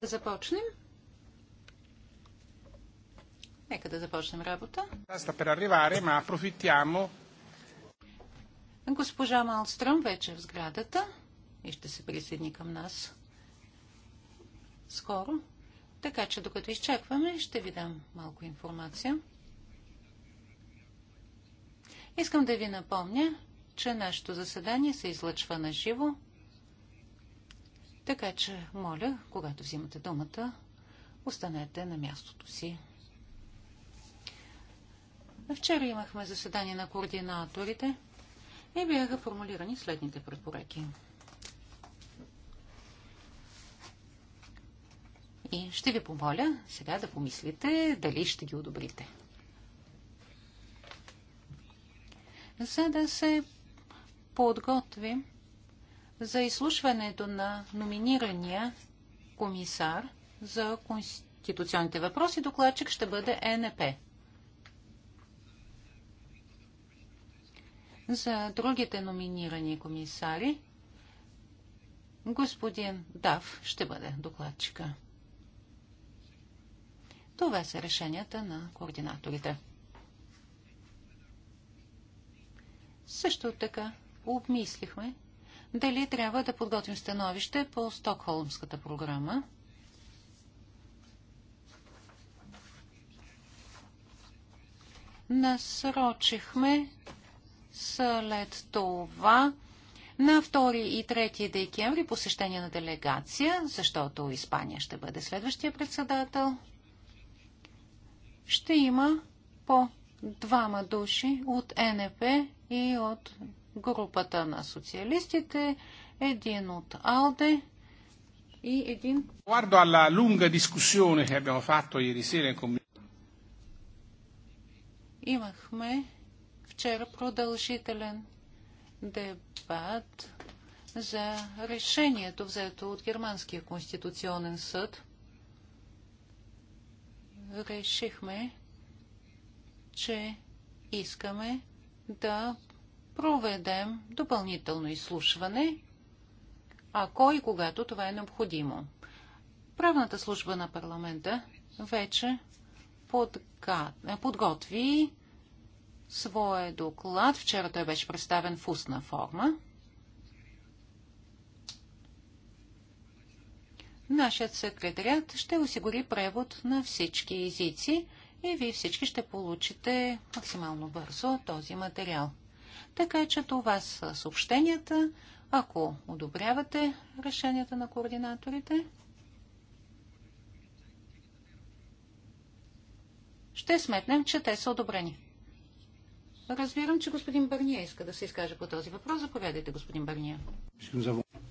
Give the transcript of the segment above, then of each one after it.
Да започнем. Нека да започнем работа. Sta per arrivare, ma approfittiamo. Госпожа Малстром вече е в сградата и ще се присъедини към нас. Скоро. Така че докато изчакваме, ще ви дам малко информация. Искам да ви напомня, че нашето заседание се излъчва на живо така че, моля, когато взимате думата, останете на мястото си. Вчера имахме заседание на координаторите и бяха формулирани следните препоръки. И ще ви помоля сега да помислите дали ще ги одобрите. За да се подготвим за изслушването на номинирания комисар за конституционните въпроси. Докладчик ще бъде ЕНП. За другите номинирани комисари господин Дав ще бъде докладчика. Това са решенията на координаторите. Също така обмислихме дали трябва да подготвим становище по Стокхолмската програма. Насрочихме след това на 2 и 3 декември посещение на делегация, защото Испания ще бъде следващия председател. Ще има по двама души от НП и от групата на социалистите, един от АЛДЕ и един... Guardo alla lunga discussione che abbiamo fatto ieri sera in commissione. Имахме вчера продължителен дебат за решението, взето от Германския конституционен съд. Решихме, че искаме да проведем допълнително изслушване, ако и когато това е необходимо. Правната служба на парламента вече е, подготви своя доклад. Вчера той беше представен в устна форма. Нашият секретарят ще осигури превод на всички езици и вие всички ще получите максимално бързо този материал. Така че това са съобщенията. Ако одобрявате решенията на координаторите, ще сметнем, че те са одобрени. Разбирам, че господин Бърния иска да се изкаже по този въпрос. Заповядайте, господин Бърния.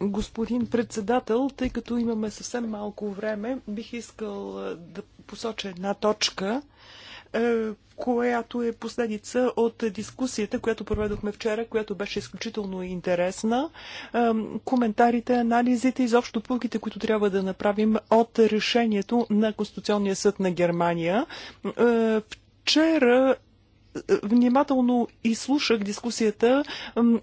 Господин председател, тъй като имаме съвсем малко време, бих искал да посоча една точка. Е, която е последица от дискусията, която проведохме вчера, която беше изключително интересна. Е, коментарите, анализите, изобщо пулките, които трябва да направим от решението на Конституционния съд на Германия. Е, вчера внимателно изслушах дискусията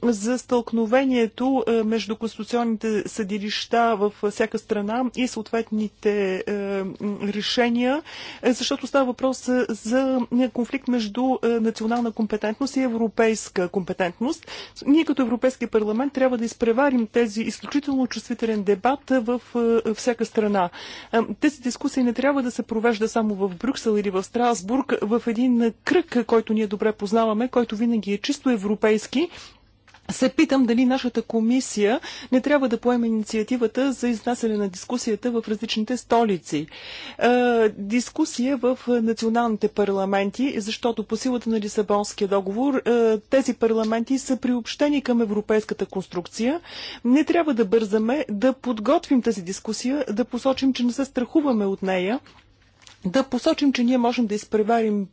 за стълкновението е, между конституционните съдилища в всяка страна и съответните е, решения, е, защото става въпрос за конфликт между национална компетентност и европейска компетентност. Ние като Европейски парламент трябва да изпреварим тези изключително чувствителен дебат в всяка страна. Тези дискусии не трябва да се провежда само в Брюксел или в Страсбург, в един кръг, който ние ние добре познаваме, който винаги е чисто европейски, се питам дали нашата комисия не трябва да поеме инициативата за изнасяне на дискусията в различните столици. Е, дискусия в националните парламенти, защото по силата на Лисабонския договор е, тези парламенти са приобщени към европейската конструкция. Не трябва да бързаме да подготвим тази дискусия, да посочим, че не се страхуваме от нея, да посочим, че ние можем да изпреварим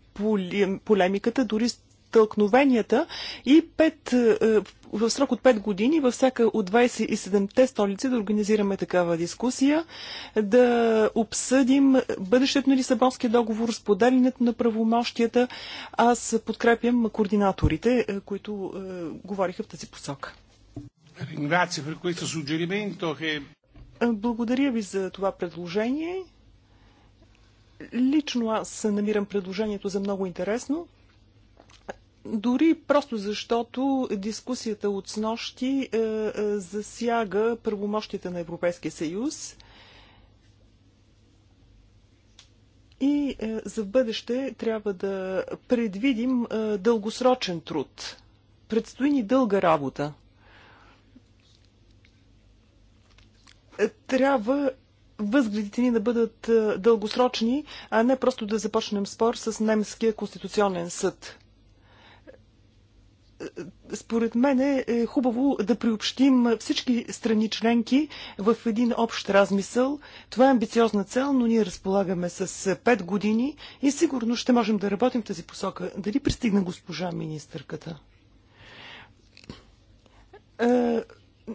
полемиката, дори стълкновенията. и пет, е, в срок от 5 години във всяка от 27-те столици да организираме такава дискусия, да обсъдим бъдещето на Лисабонския договор, споделянето на правомощията. Аз подкрепям координаторите, е, които е, говориха в тази посока. Благодаря ви за това предложение. Лично аз намирам предложението за много интересно. Дори просто защото дискусията от снощи е, е, засяга правомощите на Европейския съюз и е, за бъдеще трябва да предвидим е, дългосрочен труд. Предстои ни дълга работа. Е, трябва възгледите ни да бъдат е, дългосрочни, а не просто да започнем спор с немския конституционен съд. Е, според мен е, е хубаво да приобщим всички страни членки в един общ размисъл. Това е амбициозна цел, но ние разполагаме с 5 години и сигурно ще можем да работим в тази посока. Дали пристигна госпожа министърката?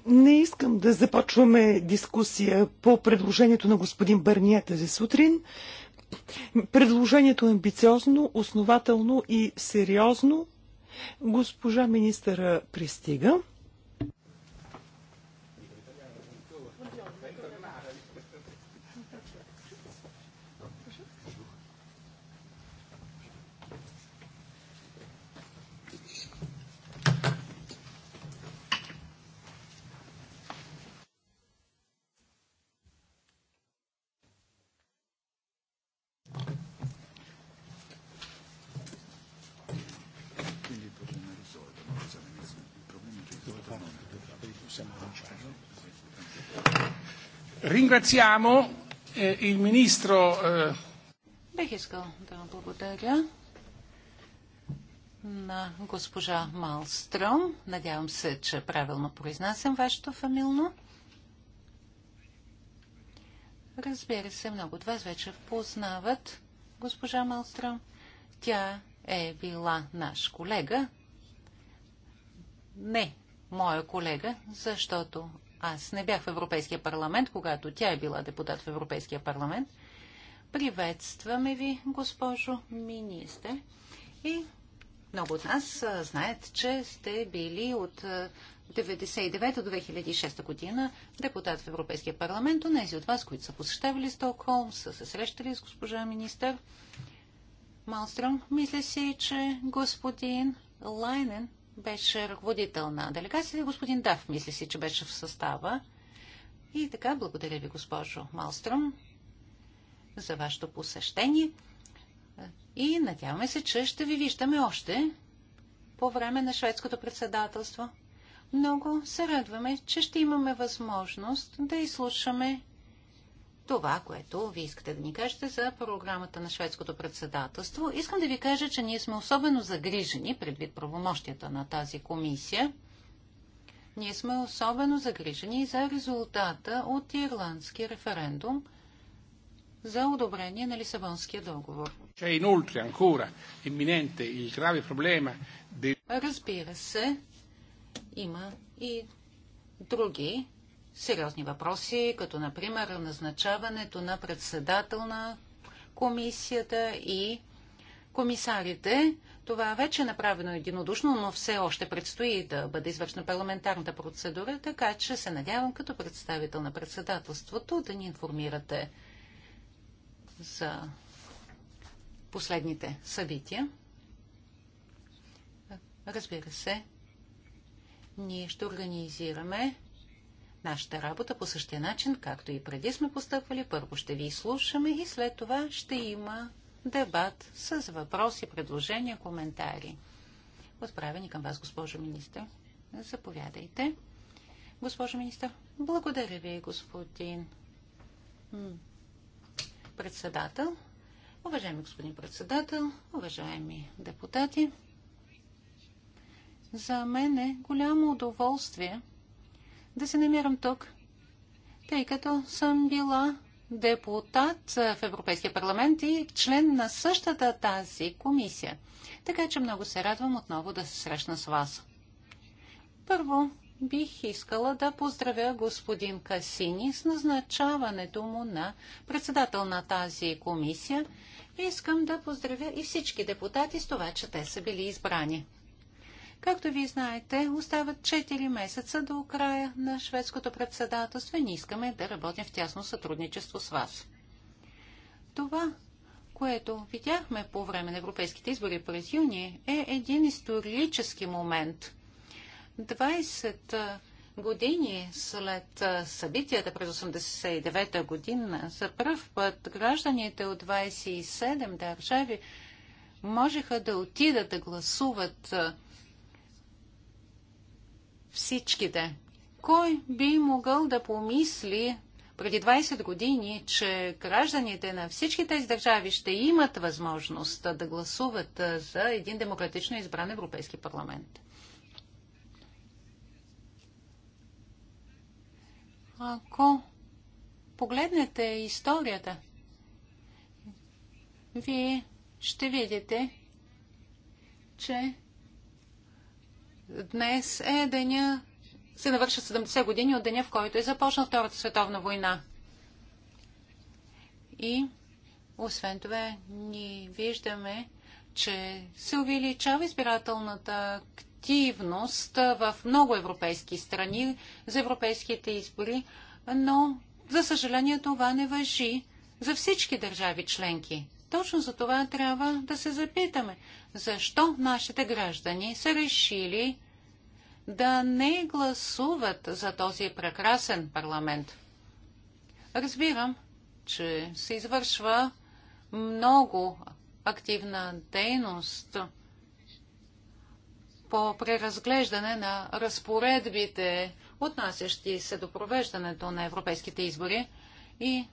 Не искам да започваме дискусия по предложението на господин Бърния тази сутрин. Предложението е амбициозно, основателно и сериозно. Госпожа министъра пристига. Ringraziamo eh, il ministro. Eh... Бих искал да благодаря на госпожа Малстром. Надявам се, че правилно произнасям вашето фамилно. Разбира се, много от вас вече познават госпожа Малстром. Тя е била наш колега. Не, моя колега, защото аз не бях в Европейския парламент, когато тя е била депутат в Европейския парламент. Приветстваме ви, госпожо министър. И много от нас знаят, че сте били от 1999 до 2006 година депутат в Европейския парламент. Онези от вас, които са посещавали Стокхолм, са се срещали с госпожа министър Малстром. Мисля си, че господин Лайнен беше ръководител на делегацията. Господин Дав, мисли си, че беше в състава. И така, благодаря ви, госпожо Малстром, за вашето посещение. И надяваме се, че ще ви виждаме още по време на шведското председателство. Много се радваме, че ще имаме възможност да изслушаме това, което ви искате да ни кажете за програмата на шведското председателство. Искам да ви кажа, че ние сме особено загрижени предвид правомощията на тази комисия. Ние сме особено загрижени за резултата от ирландски референдум за одобрение на Лисабонския договор. Разбира се, има и други сериозни въпроси, като например назначаването на председател на комисията и комисарите. Това вече е направено единодушно, но все още предстои да бъде извършена парламентарната процедура, така че се надявам като представител на председателството да ни информирате за последните събития. Разбира се, ние ще организираме нашата работа по същия начин, както и преди сме постъпвали. Първо ще ви слушаме и след това ще има дебат с въпроси, предложения, коментари. Отправени към вас, госпожо министър. Заповядайте. Госпожо министър, благодаря ви, господин председател. Уважаеми господин председател, уважаеми депутати, за мен е голямо удоволствие – да се намирам тук, тъй като съм била депутат в Европейския парламент и член на същата тази комисия. Така че много се радвам отново да се срещна с вас. Първо, бих искала да поздравя господин Касини с назначаването му на председател на тази комисия. Искам да поздравя и всички депутати с това, че те са били избрани. Както ви знаете, остават 4 месеца до края на шведското председателство и ние искаме да работим в тясно сътрудничество с вас. Това, което видяхме по време на европейските избори през юни, е един исторически момент. 20 години след събитията през 1989 година, за първ път гражданите от 27 държави можеха да отидат да гласуват всичките. Кой би могъл да помисли преди 20 години, че гражданите на всички тези държави ще имат възможност да гласуват за един демократично избран Европейски парламент? Ако погледнете историята, вие ще видите, че Днес е деня, се навършат 70 години от деня, в който е започна Втората световна война. И освен това, ние виждаме, че се увеличава избирателната активност в много европейски страни за европейските избори, но за съжаление това не въжи за всички държави членки. Точно за това трябва да се запитаме, защо нашите граждани са решили да не гласуват за този прекрасен парламент. Разбирам, че се извършва много активна дейност по преразглеждане на разпоредбите, отнасящи се до провеждането на европейските избори. И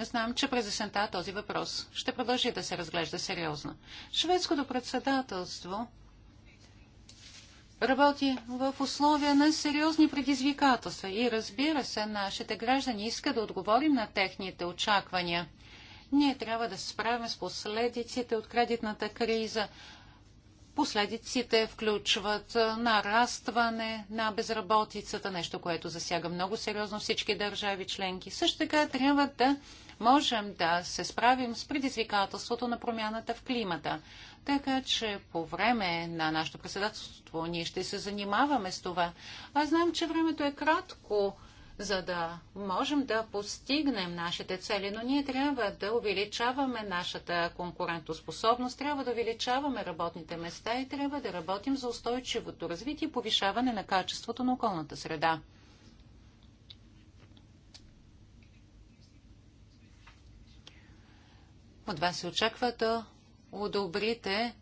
Знам, че през есента този въпрос ще продължи да се разглежда сериозно. Шведското председателство работи в условия на сериозни предизвикателства и разбира се, нашите граждани искат да отговорим на техните очаквания. Ние трябва да се справим с последиците от кредитната криза. Последиците включват нарастване на безработицата, нещо, което засяга много сериозно всички държави членки. Също така трябва да можем да се справим с предизвикателството на промяната в климата. Така че по време на нашето председателство ние ще се занимаваме с това. Аз знам, че времето е кратко, за да можем да постигнем нашите цели, но ние трябва да увеличаваме нашата конкурентоспособност, трябва да увеличаваме работните места и трябва да работим за устойчивото развитие и повишаване на качеството на околната среда. От вас се очаква да одобрите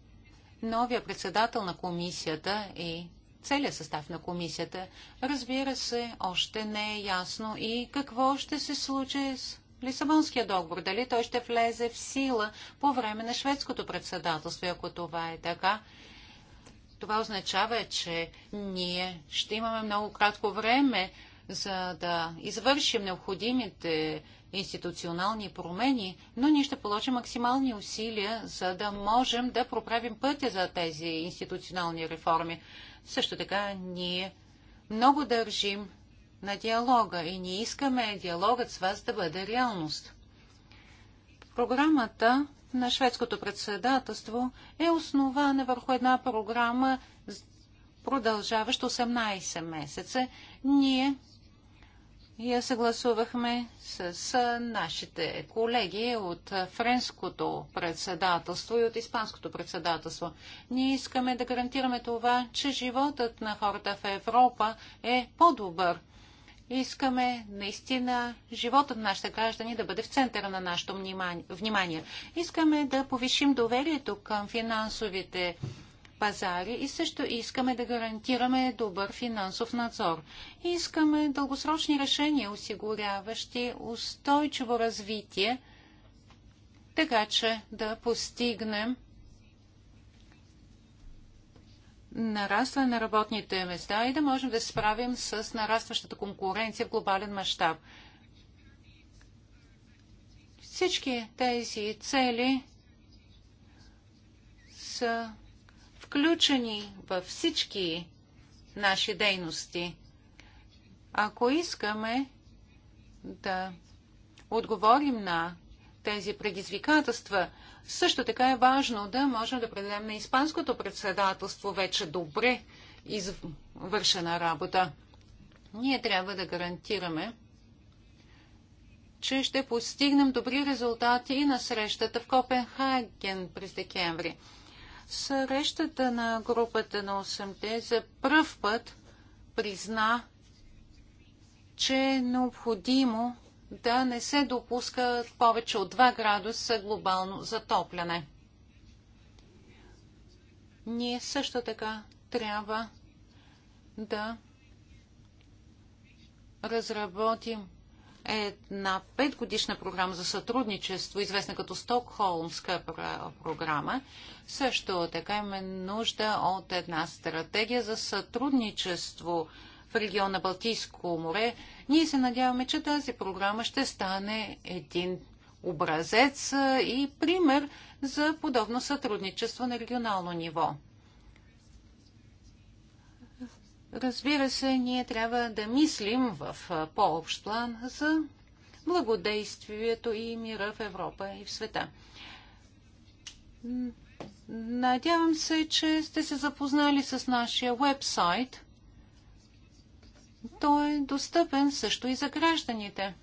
новия председател на комисията и целият състав на комисията. Разбира се, още не е ясно и какво ще се случи с Лисабонския договор. Дали той ще влезе в сила по време на шведското председателство, ако това е така. Това означава, че ние ще имаме много кратко време, за да извършим необходимите институционални промени, но ние ще положим максимални усилия, за да можем да проправим пътя за тези институционални реформи. Също така ние много държим на диалога и ние искаме диалогът с вас да бъде реалност. Програмата на шведското председателство е основана върху една програма, продължаваща 18 месеца. Ние я съгласувахме с нашите колеги от френското председателство и от испанското председателство. Ние искаме да гарантираме това, че животът на хората в Европа е по-добър. Искаме наистина животът на нашите граждани да бъде в центъра на нашето внимание. Искаме да повишим доверието към финансовите пазари и също искаме да гарантираме добър финансов надзор. Искаме дългосрочни решения, осигуряващи устойчиво развитие, така че да постигнем нарастване на работните места и да можем да справим с нарастващата конкуренция в глобален мащаб. Всички тези цели са включени във всички наши дейности. Ако искаме да отговорим на тези предизвикателства, също така е важно да можем да предадем на Испанското председателство вече добре извършена работа. Ние трябва да гарантираме, че ще постигнем добри резултати на срещата в Копенхаген през декември. Срещата на групата на 8-те за пръв път призна, че е необходимо да не се допуска повече от 2 градуса глобално затопляне. Ние също така трябва да разработим една петгодишна програма за сътрудничество, известна като Стокхолмска програма. Също така имаме нужда от една стратегия за сътрудничество в региона Балтийско море. Ние се надяваме, че тази програма ще стане един образец и пример за подобно сътрудничество на регионално ниво. Разбира се, ние трябва да мислим в по-общ план за благодействието и мира в Европа и в света. Надявам се, че сте се запознали с нашия вебсайт. Той е достъпен също и за гражданите.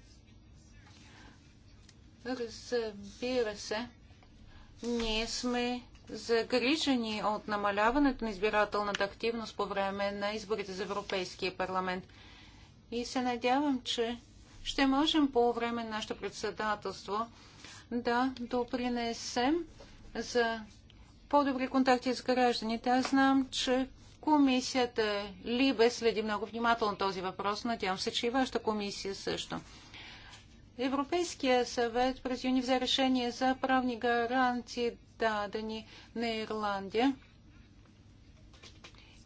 Разбира се, ние сме загрижени от намаляването на избирателната активност по време на изборите за Европейския парламент. И се надявам, че ще можем по време на нашето председателство да допринесем за по-добри контакти с гражданите. Аз знам, че комисията Либе следи много внимателно този въпрос. Надявам се, че и вашата комисия също. Европейския съвет през юни взе решение за правни гарантии дадени на Ирландия.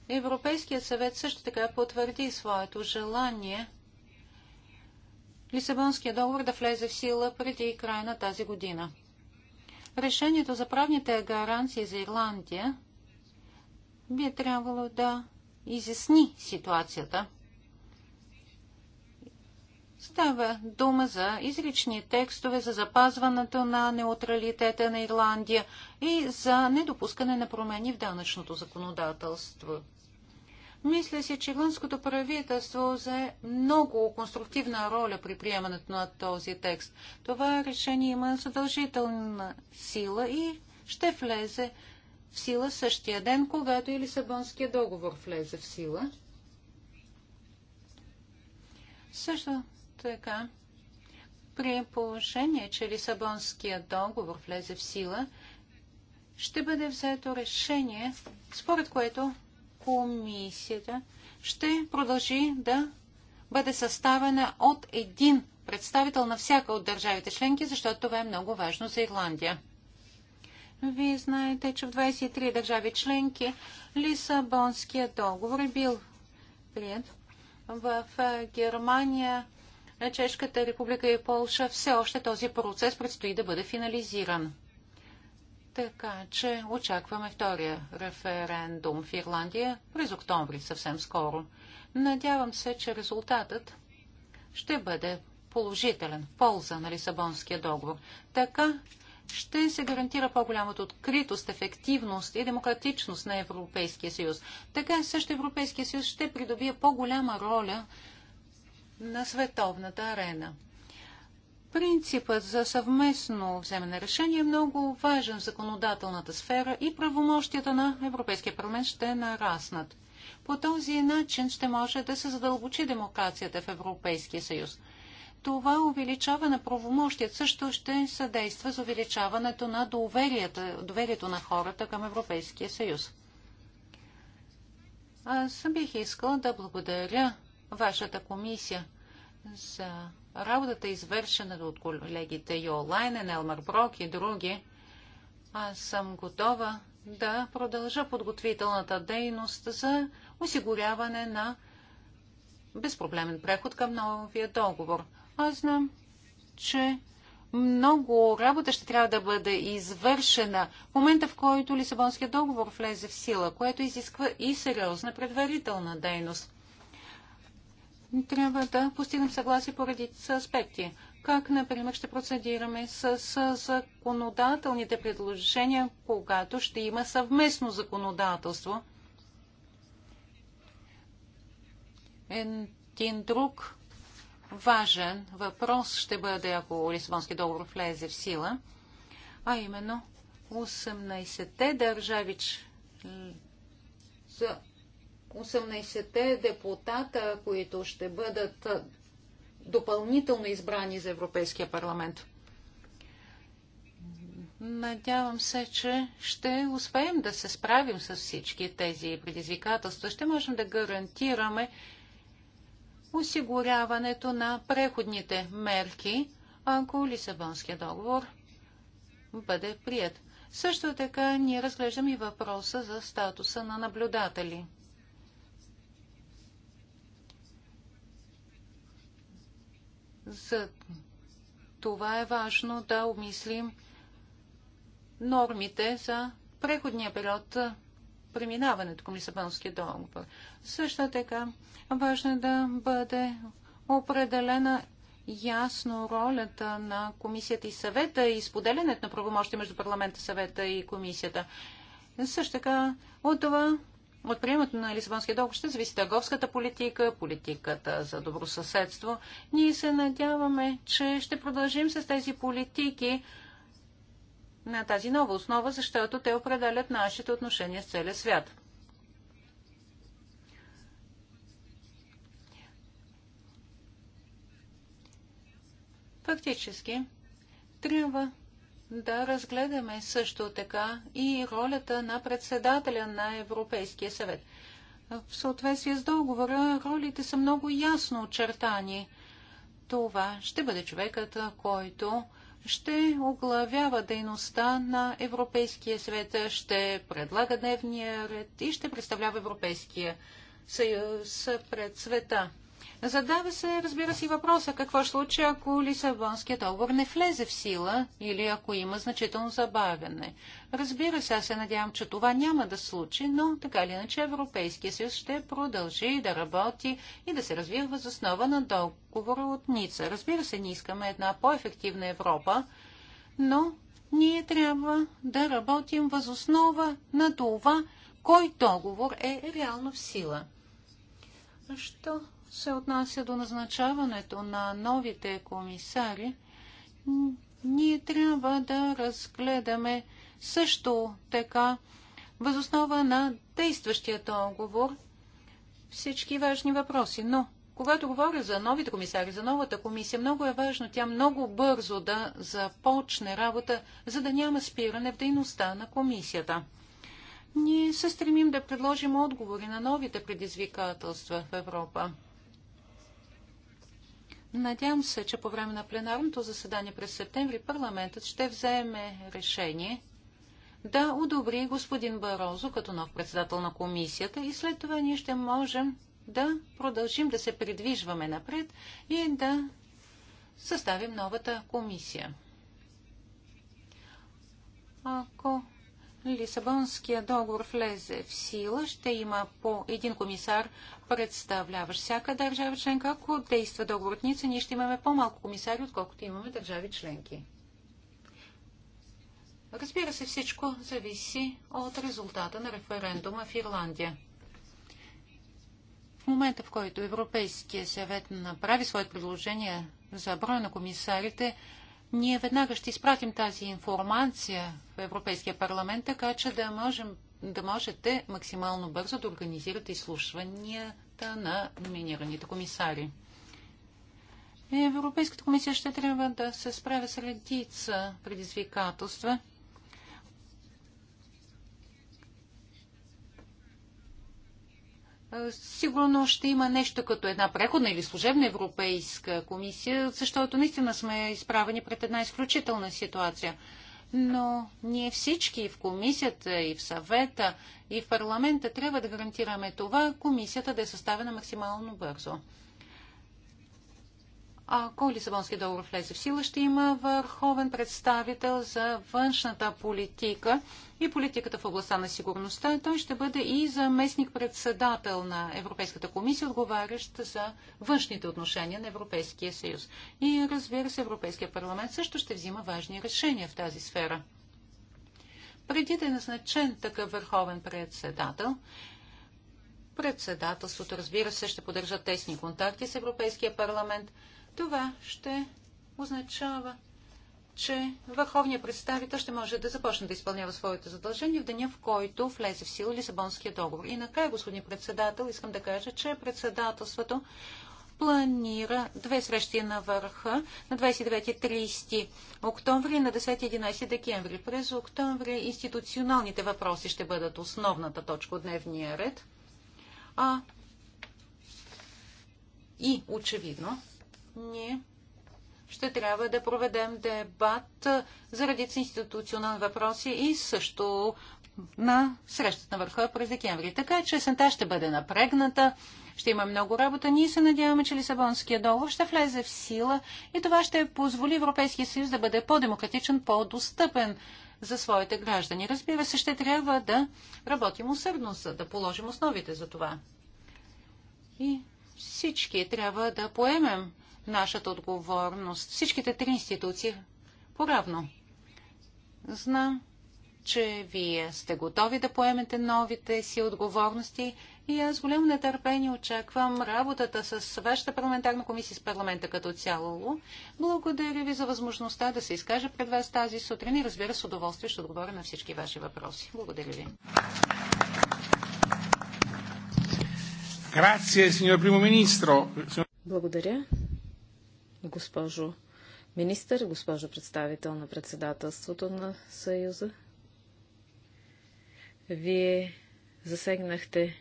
Европейският съвет също така потвърди своето желание Лисабонския договор да влезе в сила преди края на тази година. Решението за правните гаранции за Ирландия би трябвало да изясни ситуацията. Става дума за изрични текстове за запазването на неутралитета на Ирландия и за недопускане на промени в данъчното законодателство. Мисля си, че ирландското правителство взе много конструктивна роля при приемането на този текст. Това решение има задължителна сила и ще влезе в сила същия ден, когато и Лисабонския договор влезе в сила. Също така, при положение, че Лисабонския договор влезе в сила, ще бъде взето решение, според което комисията ще продължи да бъде съставена от един представител на всяка от държавите членки, защото това е много важно за Ирландия. Вие знаете, че в 23 държави членки Лисабонския договор е бил прият. В Германия Чешката република и Полша, все още този процес предстои да бъде финализиран. Така че очакваме втория референдум в Ирландия през октомври, съвсем скоро. Надявам се, че резултатът ще бъде положителен в полза на Лисабонския договор. Така ще се гарантира по-голямата откритост, ефективност и демократичност на Европейския съюз. Така също Европейския съюз ще придобие по-голяма роля на световната арена. Принципът за съвместно вземане решение е много важен в законодателната сфера и правомощията на Европейския парламент ще нараснат. По този начин ще може да се задълбочи демокрацията в Европейския съюз. Това увеличаване на правомощият също ще съдейства за увеличаването на доверието, доверието на хората към Европейския съюз. Аз бих искала да благодаря вашата комисия за работата, извършена от колегите Йолайнен, Елмар Брок и други. Аз съм готова да продължа подготвителната дейност за осигуряване на безпроблемен преход към новия договор. Аз знам, че много работа ще трябва да бъде извършена в момента, в който Лисабонския договор влезе в сила, което изисква и сериозна предварителна дейност трябва да постигнем съгласие по редица аспекти. Как, например, ще процедираме с, с законодателните предложения, когато ще има съвместно законодателство? Един друг важен въпрос ще бъде, ако Лисабонски договор влезе в сила, а именно 18-те държави за 18-те депутата, които ще бъдат допълнително избрани за Европейския парламент. Надявам се, че ще успеем да се справим с всички тези предизвикателства. Ще можем да гарантираме осигуряването на преходните мерки, ако Лисабонския договор бъде прият. Също така ние разглеждаме и въпроса за статуса на наблюдатели – За това е важно да обмислим нормите за преходния период, преминаването към Лисабонския договор. Също така важно е да бъде определена ясно ролята на комисията и съвета и споделянето на правомощи между парламента, съвета и комисията. Също така от това от приемата на Лисабонския договор ще зависи търговската политика, политиката за добросъседство. Ние се надяваме, че ще продължим с тези политики на тази нова основа, защото те определят нашите отношения с целия свят. Фактически, трябва да разгледаме също така и ролята на председателя на Европейския съвет. В съответствие с договора ролите са много ясно очертани. Това ще бъде човекът, който ще оглавява дейността на Европейския съвет, ще предлага дневния ред и ще представлява Европейския съюз пред света. Задава се, разбира се, въпроса какво ще случи, ако Лисабонският договор не влезе в сила или ако има значително забавяне. Разбира се, аз се надявам, че това няма да случи, но така или иначе Европейския съюз ще продължи да работи и да се развива въз основа на договора от Ница. Разбира се, ние искаме една по-ефективна Европа, но ние трябва да работим въз основа на това, кой договор е реално в сила. Защо? се отнася до назначаването на новите комисари, ние трябва да разгледаме също така възоснова на действащия договор всички важни въпроси. Но когато говоря за новите комисари, за новата комисия, много е важно тя много бързо да започне работа, за да няма спиране в дейността на комисията. Ние се стремим да предложим отговори на новите предизвикателства в Европа. Надявам се, че по време на пленарното заседание през септември парламентът ще вземе решение да одобри господин Барозо като нов председател на комисията и след това ние ще можем да продължим да се придвижваме напред и да съставим новата комисия. Ако Лисабонския договор влезе в сила, ще има по един комисар, представляващ всяка държава членка. Ако действа договорница, ние ще имаме по-малко комисари, отколкото имаме държави членки. Разбира се, всичко зависи от резултата на референдума в Ирландия. В момента, в който Европейския съвет направи своето предложение за броя на комисарите, ние веднага ще изпратим тази информация в Европейския парламент, така че да, можем, да можете максимално бързо да организирате изслушванията на номинираните комисари. Европейската комисия ще трябва да се справя с редица предизвикателства – сигурно ще има нещо като една преходна или служебна европейска комисия, защото наистина сме изправени пред една изключителна ситуация. Но ние всички в комисията, и в съвета, и в парламента трябва да гарантираме това комисията да е съставена максимално бързо. Ако Лисабонски договор влезе в сила, ще има върховен представител за външната политика и политиката в областта на сигурността. Той ще бъде и заместник-председател на Европейската комисия, отговарящ за външните отношения на Европейския съюз. И разбира се, Европейския парламент също ще взима важни решения в тази сфера. Преди да е назначен такъв върховен председател, председателството, разбира се, ще поддържа тесни контакти с Европейския парламент – това ще означава, че върховният представител ще може да започне да изпълнява своите задължения в деня, в който влезе в сила Лисабонския договор. И накрая, господин председател, искам да кажа, че председателството планира две срещи на върха на 29-30 октомври и на 10-11 декември. През октомври институционалните въпроси ще бъдат основната точка от дневния ред. А и очевидно ние ще трябва да проведем дебат за редица институционални въпроси и също на срещата на върха през декември. Така че есента ще бъде напрегната, ще има много работа. Ние се надяваме, че Лисабонския договор ще влезе в сила и това ще позволи Европейския съюз да бъде по-демократичен, по-достъпен за своите граждани. Разбира се, ще трябва да работим усърдно, за да положим основите за това. И всички трябва да поемем нашата отговорност. Всичките три институции поравно. Знам, че вие сте готови да поемете новите си отговорности и аз голямо нетърпение очаквам работата с вашата парламентарна комисия с парламента като цяло. Благодаря ви за възможността да се изкаже пред вас тази сутрин и разбира с удоволствие ще отговоря на всички ваши въпроси. Благодаря ви. Благодаря, госпожо министър, госпожо представител на председателството на Съюза. Вие засегнахте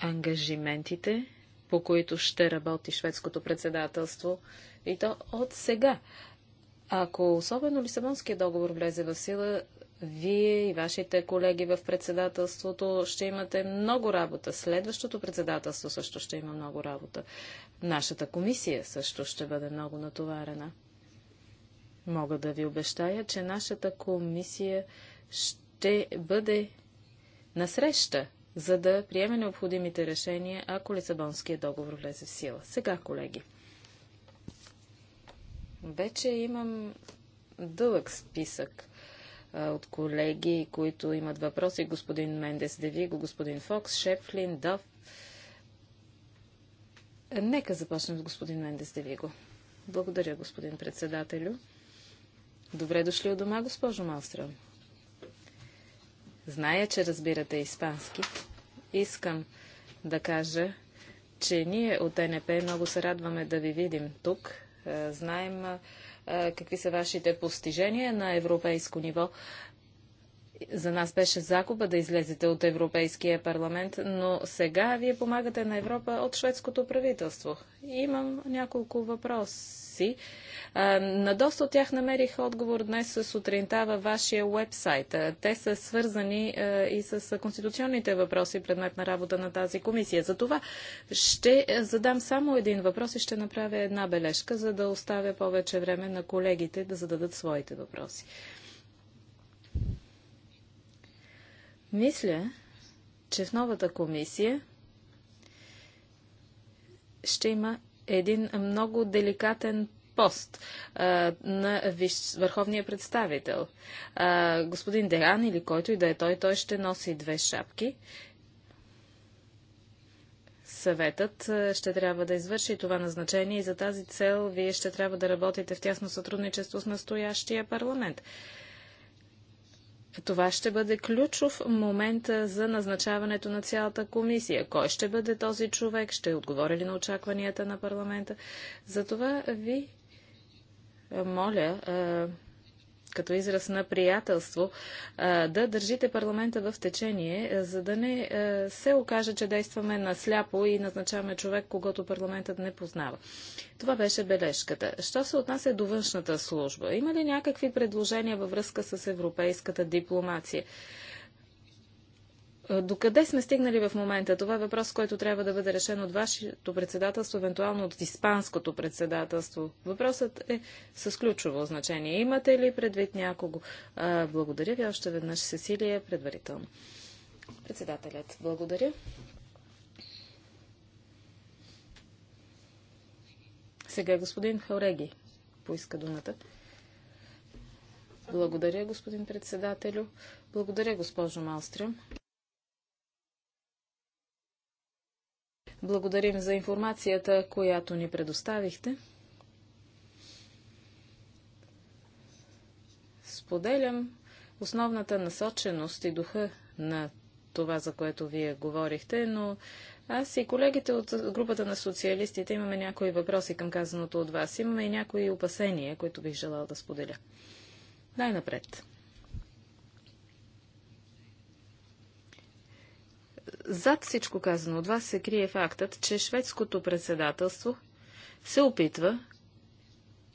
ангажиментите, по които ще работи шведското председателство и то от сега. Ако особено Лисабонския договор влезе в сила, вие и вашите колеги в председателството ще имате много работа. Следващото председателство също ще има много работа. Нашата комисия също ще бъде много натоварена. Мога да ви обещая, че нашата комисия ще бъде насреща, за да приеме необходимите решения, ако Лисабонския договор влезе в сила. Сега, колеги. Вече имам дълъг списък от колеги, които имат въпроси. Господин Мендес Девиго, господин Фокс, Шепфлин, Дъв. Нека започнем с господин Мендес Девиго. Благодаря, господин председателю. Добре дошли от дома, госпожо Малстрам. Зная, че разбирате испански. Искам да кажа, че ние от НП много се радваме да ви видим тук. Е, знаем какви са вашите постижения на европейско ниво. За нас беше загуба да излезете от Европейския парламент, но сега вие помагате на Европа от шведското правителство. Имам няколко въпроса си. А, на доста от тях намерих отговор днес сутринта във вашия вебсайт. Те са свързани а, и с конституционните въпроси, предмет на работа на тази комисия. За това ще задам само един въпрос и ще направя една бележка, за да оставя повече време на колегите да зададат своите въпроси. Мисля, че в новата комисия ще има един много деликатен пост а, на виш, върховния представител. А, господин Деран или който и да е той, той ще носи две шапки. Съветът ще трябва да извърши това назначение и за тази цел вие ще трябва да работите в тясно сътрудничество с настоящия парламент. Това ще бъде ключов момент за назначаването на цялата комисия. Кой ще бъде този човек? Ще отговори ли на очакванията на парламента? Затова ви моля като израз на приятелство, да държите парламента в течение, за да не се окаже, че действаме насляпо и назначаваме човек, когато парламентът не познава. Това беше бележката. Що се отнася до външната служба? Има ли някакви предложения във връзка с европейската дипломация? Докъде сме стигнали в момента? Това е въпрос, който трябва да бъде решен от вашето председателство, евентуално от испанското председателство. Въпросът е с ключово значение. Имате ли предвид някого? благодаря ви още веднъж, Сесилия, предварително. Председателят, благодаря. Сега господин Хауреги поиска думата. Благодаря, господин председателю. Благодаря, госпожо Малстрем. Благодарим за информацията, която ни предоставихте. Споделям основната насоченост и духа на това, за което вие говорихте, но аз и колегите от групата на социалистите имаме някои въпроси към казаното от вас. Имаме и някои опасения, които бих желал да споделя. Най-напред. зад всичко казано от вас се крие фактът, че шведското председателство се опитва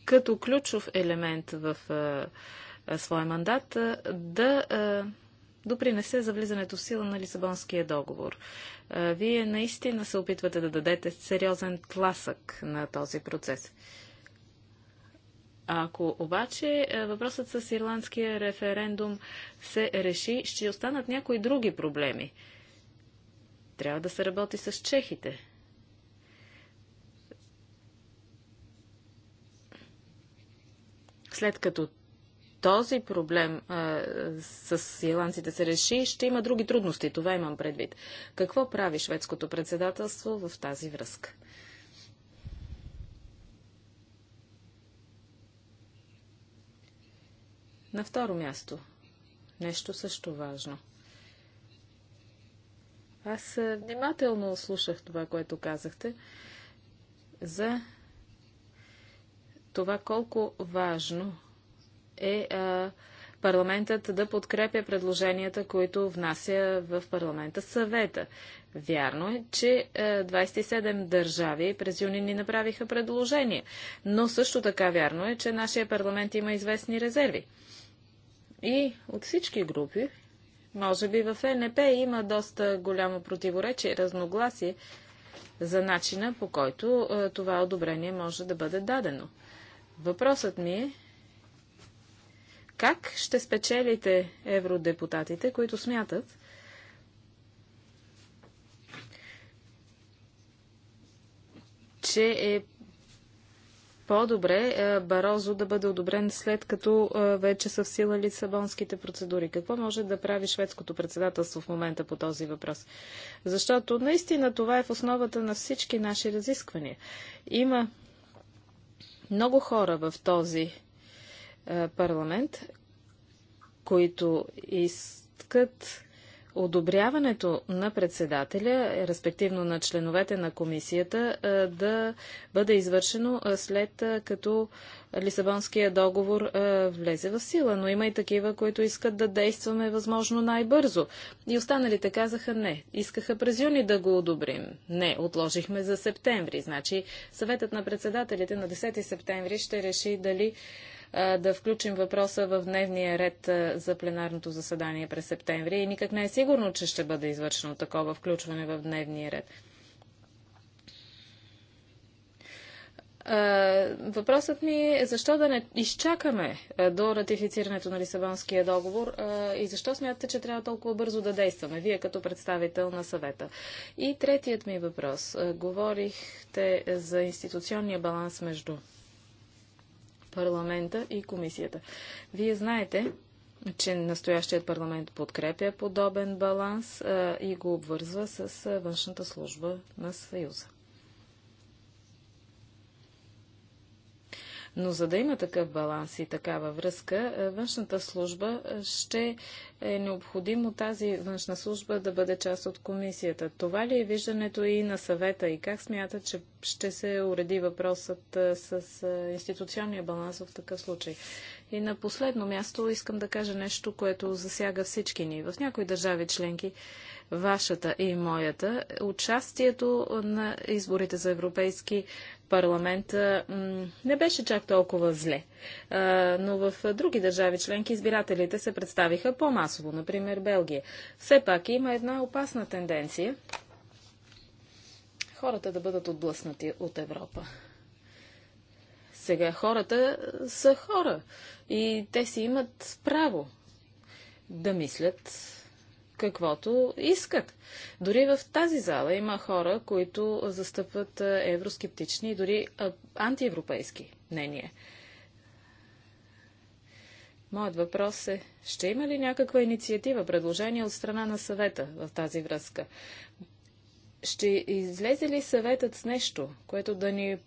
като ключов елемент в а, а, своя мандат а, да допринесе за влизането в сила на Лисабонския договор. Вие наистина се опитвате да дадете сериозен тласък на този процес. Ако обаче въпросът с ирландския референдум се реши, ще останат някои други проблеми трябва да се работи с чехите. След като този проблем а, с ирландците се реши, ще има други трудности. Това имам предвид. Какво прави шведското председателство в тази връзка? На второ място. Нещо също важно – аз е, внимателно слушах това, което казахте за това колко важно е а, парламентът да подкрепя предложенията, които внася в парламента съвета. Вярно е, че 27 е, държави през юни ни направиха предложение, но също така вярно е, че нашия парламент има известни резерви. И от всички групи може би в ЕНП има доста голямо противоречие, разногласие за начина по който е, това одобрение може да бъде дадено. Въпросът ми е как ще спечелите евродепутатите, които смятат, че е по-добре е, Барозо да бъде одобрен след като е, вече са в сила лисабонските процедури. Какво може да прави шведското председателство в момента по този въпрос? Защото наистина това е в основата на всички наши разисквания. Има много хора в този е, парламент, които искат одобряването на председателя, респективно на членовете на комисията, да бъде извършено след като Лисабонския договор влезе в сила. Но има и такива, които искат да действаме възможно най-бързо. И останалите казаха не. Искаха през юни да го одобрим. Не, отложихме за септември. Значи съветът на председателите на 10 септември ще реши дали да включим въпроса в дневния ред за пленарното заседание през септември и никак не е сигурно, че ще бъде извършено такова включване в дневния ред. Въпросът ми е защо да не изчакаме до ратифицирането на Лисабонския договор и защо смятате, че трябва толкова бързо да действаме, вие като представител на съвета. И третият ми въпрос. Говорихте за институционния баланс между парламента и комисията. Вие знаете, че настоящият парламент подкрепя подобен баланс и го обвързва с външната служба на Съюза. Но за да има такъв баланс и такава връзка, е, външната служба е, ще е необходимо тази външна служба да бъде част от комисията. Това ли е виждането и на съвета и как смята, че ще се уреди въпросът е, с институционния баланс в такъв случай? И на последно място искам да кажа нещо, което засяга всички ни. В някои държави членки вашата и моята, участието на изборите за Европейски парламент не беше чак толкова зле. Но в други държави членки избирателите се представиха по-масово, например Белгия. Все пак има една опасна тенденция хората да бъдат отблъснати от Европа. Сега хората са хора и те си имат право да мислят каквото искат. Дори в тази зала има хора, които застъпват евроскептични и дори антиевропейски мнения. Моят въпрос е, ще има ли някаква инициатива, предложение от страна на съвета в тази връзка? Ще излезе ли съветът с нещо, което да ни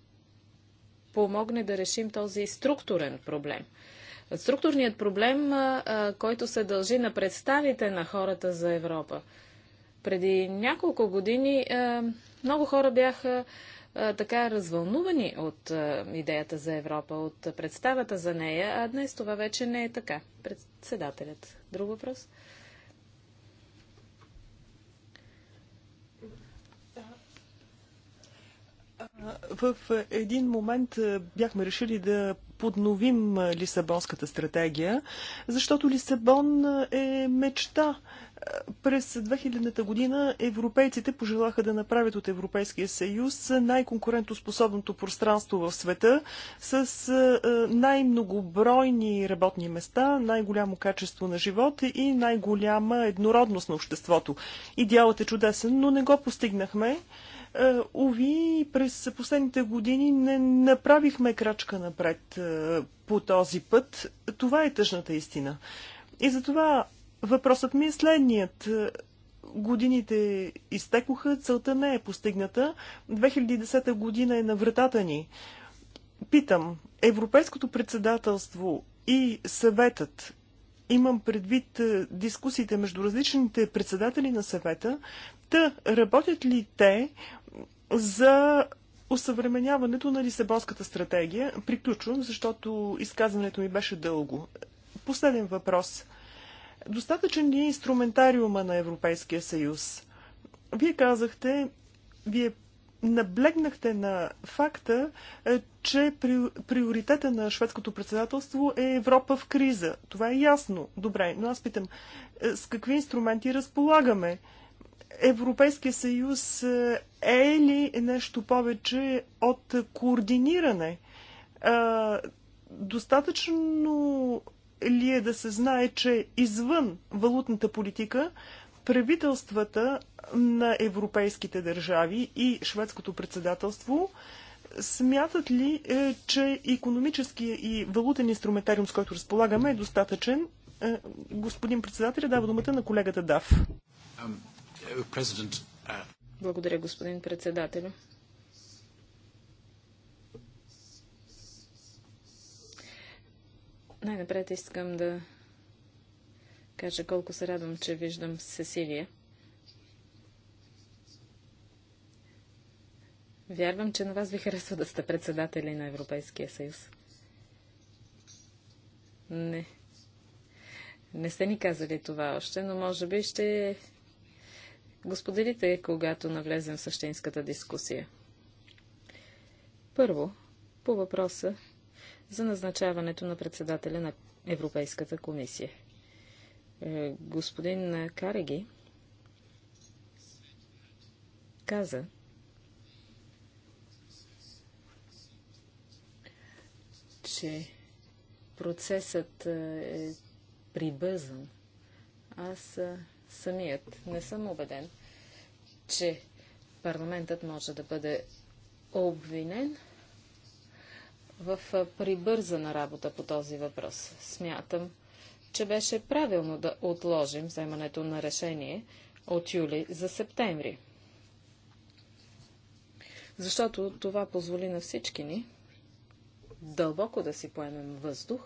помогне да решим този структурен проблем? Структурният проблем, който се дължи на представите на хората за Европа. Преди няколко години много хора бяха така развълнувани от идеята за Европа, от представата за нея, а днес това вече не е така. Председателят. Друг въпрос? В един момент бяхме решили да подновим Лисабонската стратегия, защото Лисабон е мечта. През 2000-та година европейците пожелаха да направят от Европейския съюз най-конкурентоспособното пространство в света с най-многобройни работни места, най-голямо качество на живот и най-голяма еднородност на обществото. Идеалът е чудесен, но не го постигнахме. Ови, е, през последните години не направихме крачка напред е, по този път. Това е тъжната истина. И затова въпросът ми е следният. Е, годините изтекоха, целта не е постигната. 2010 година е на вратата ни. Питам, Европейското председателство и съветът, имам предвид дискусиите между различните председатели на съвета, Та, работят ли те за осъвременяването на Лисабонската стратегия? Приключвам, защото изказването ми беше дълго. Последен въпрос. Достатъчен ли е инструментариума на Европейския съюз? Вие казахте, вие наблегнахте на факта, е, че приоритета на шведското председателство е Европа в криза. Това е ясно. Добре, но аз питам, е, с какви инструменти разполагаме? Европейския съюз е, е ли нещо повече от координиране? Е, достатъчно ли е да се знае, че извън валутната политика правителствата на европейските държави и шведското председателство смятат ли, е, че економическия и валутен инструментариум, с който разполагаме, е достатъчен? Господин председателя, дава думата на колегата Дав. Uh, Благодаря, господин председател. Най-напред искам да кажа колко се радвам, че виждам Сесилия. Вярвам, че на вас ви харесва да сте председатели на Европейския съюз. Не. Не сте ни казали това още, но може би ще го споделите, когато навлезем в същинската дискусия. Първо, по въпроса за назначаването на председателя на Европейската комисия. Е, господин Кареги каза, че процесът е прибързан Аз е, самият не съм убеден, че парламентът може да бъде обвинен в прибързана работа по този въпрос. Смятам, че беше правилно да отложим вземането на решение от юли за септември. Защото това позволи на всички ни дълбоко да си поемем въздух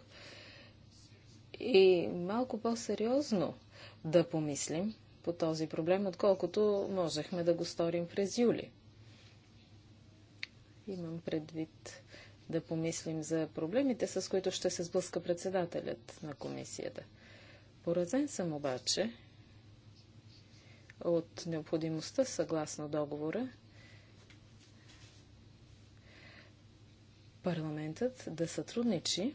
и малко по-сериозно да помислим по този проблем, отколкото можехме да го сторим през юли. Имам предвид да помислим за проблемите, с които ще се сблъска председателят на комисията. Поразен съм обаче от необходимостта, съгласно договора, парламентът да сътрудничи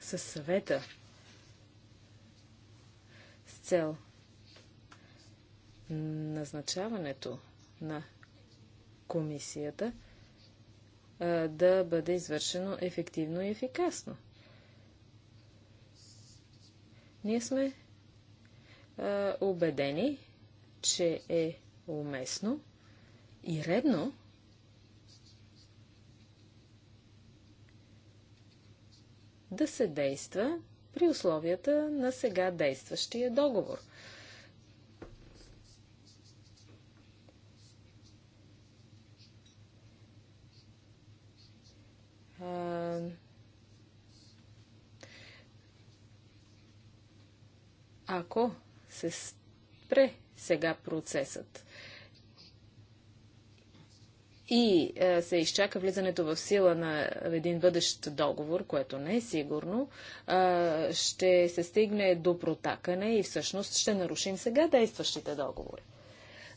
с съвета цел назначаването на комисията да бъде извършено ефективно и ефикасно. Ние сме а, убедени, че е уместно и редно да се действа при условията на сега действащия договор. ако се спре сега процесът, и е, се изчака влизането в сила на един бъдещ договор, което не е сигурно, е, ще се стигне до протакане и всъщност ще нарушим сега действащите договори.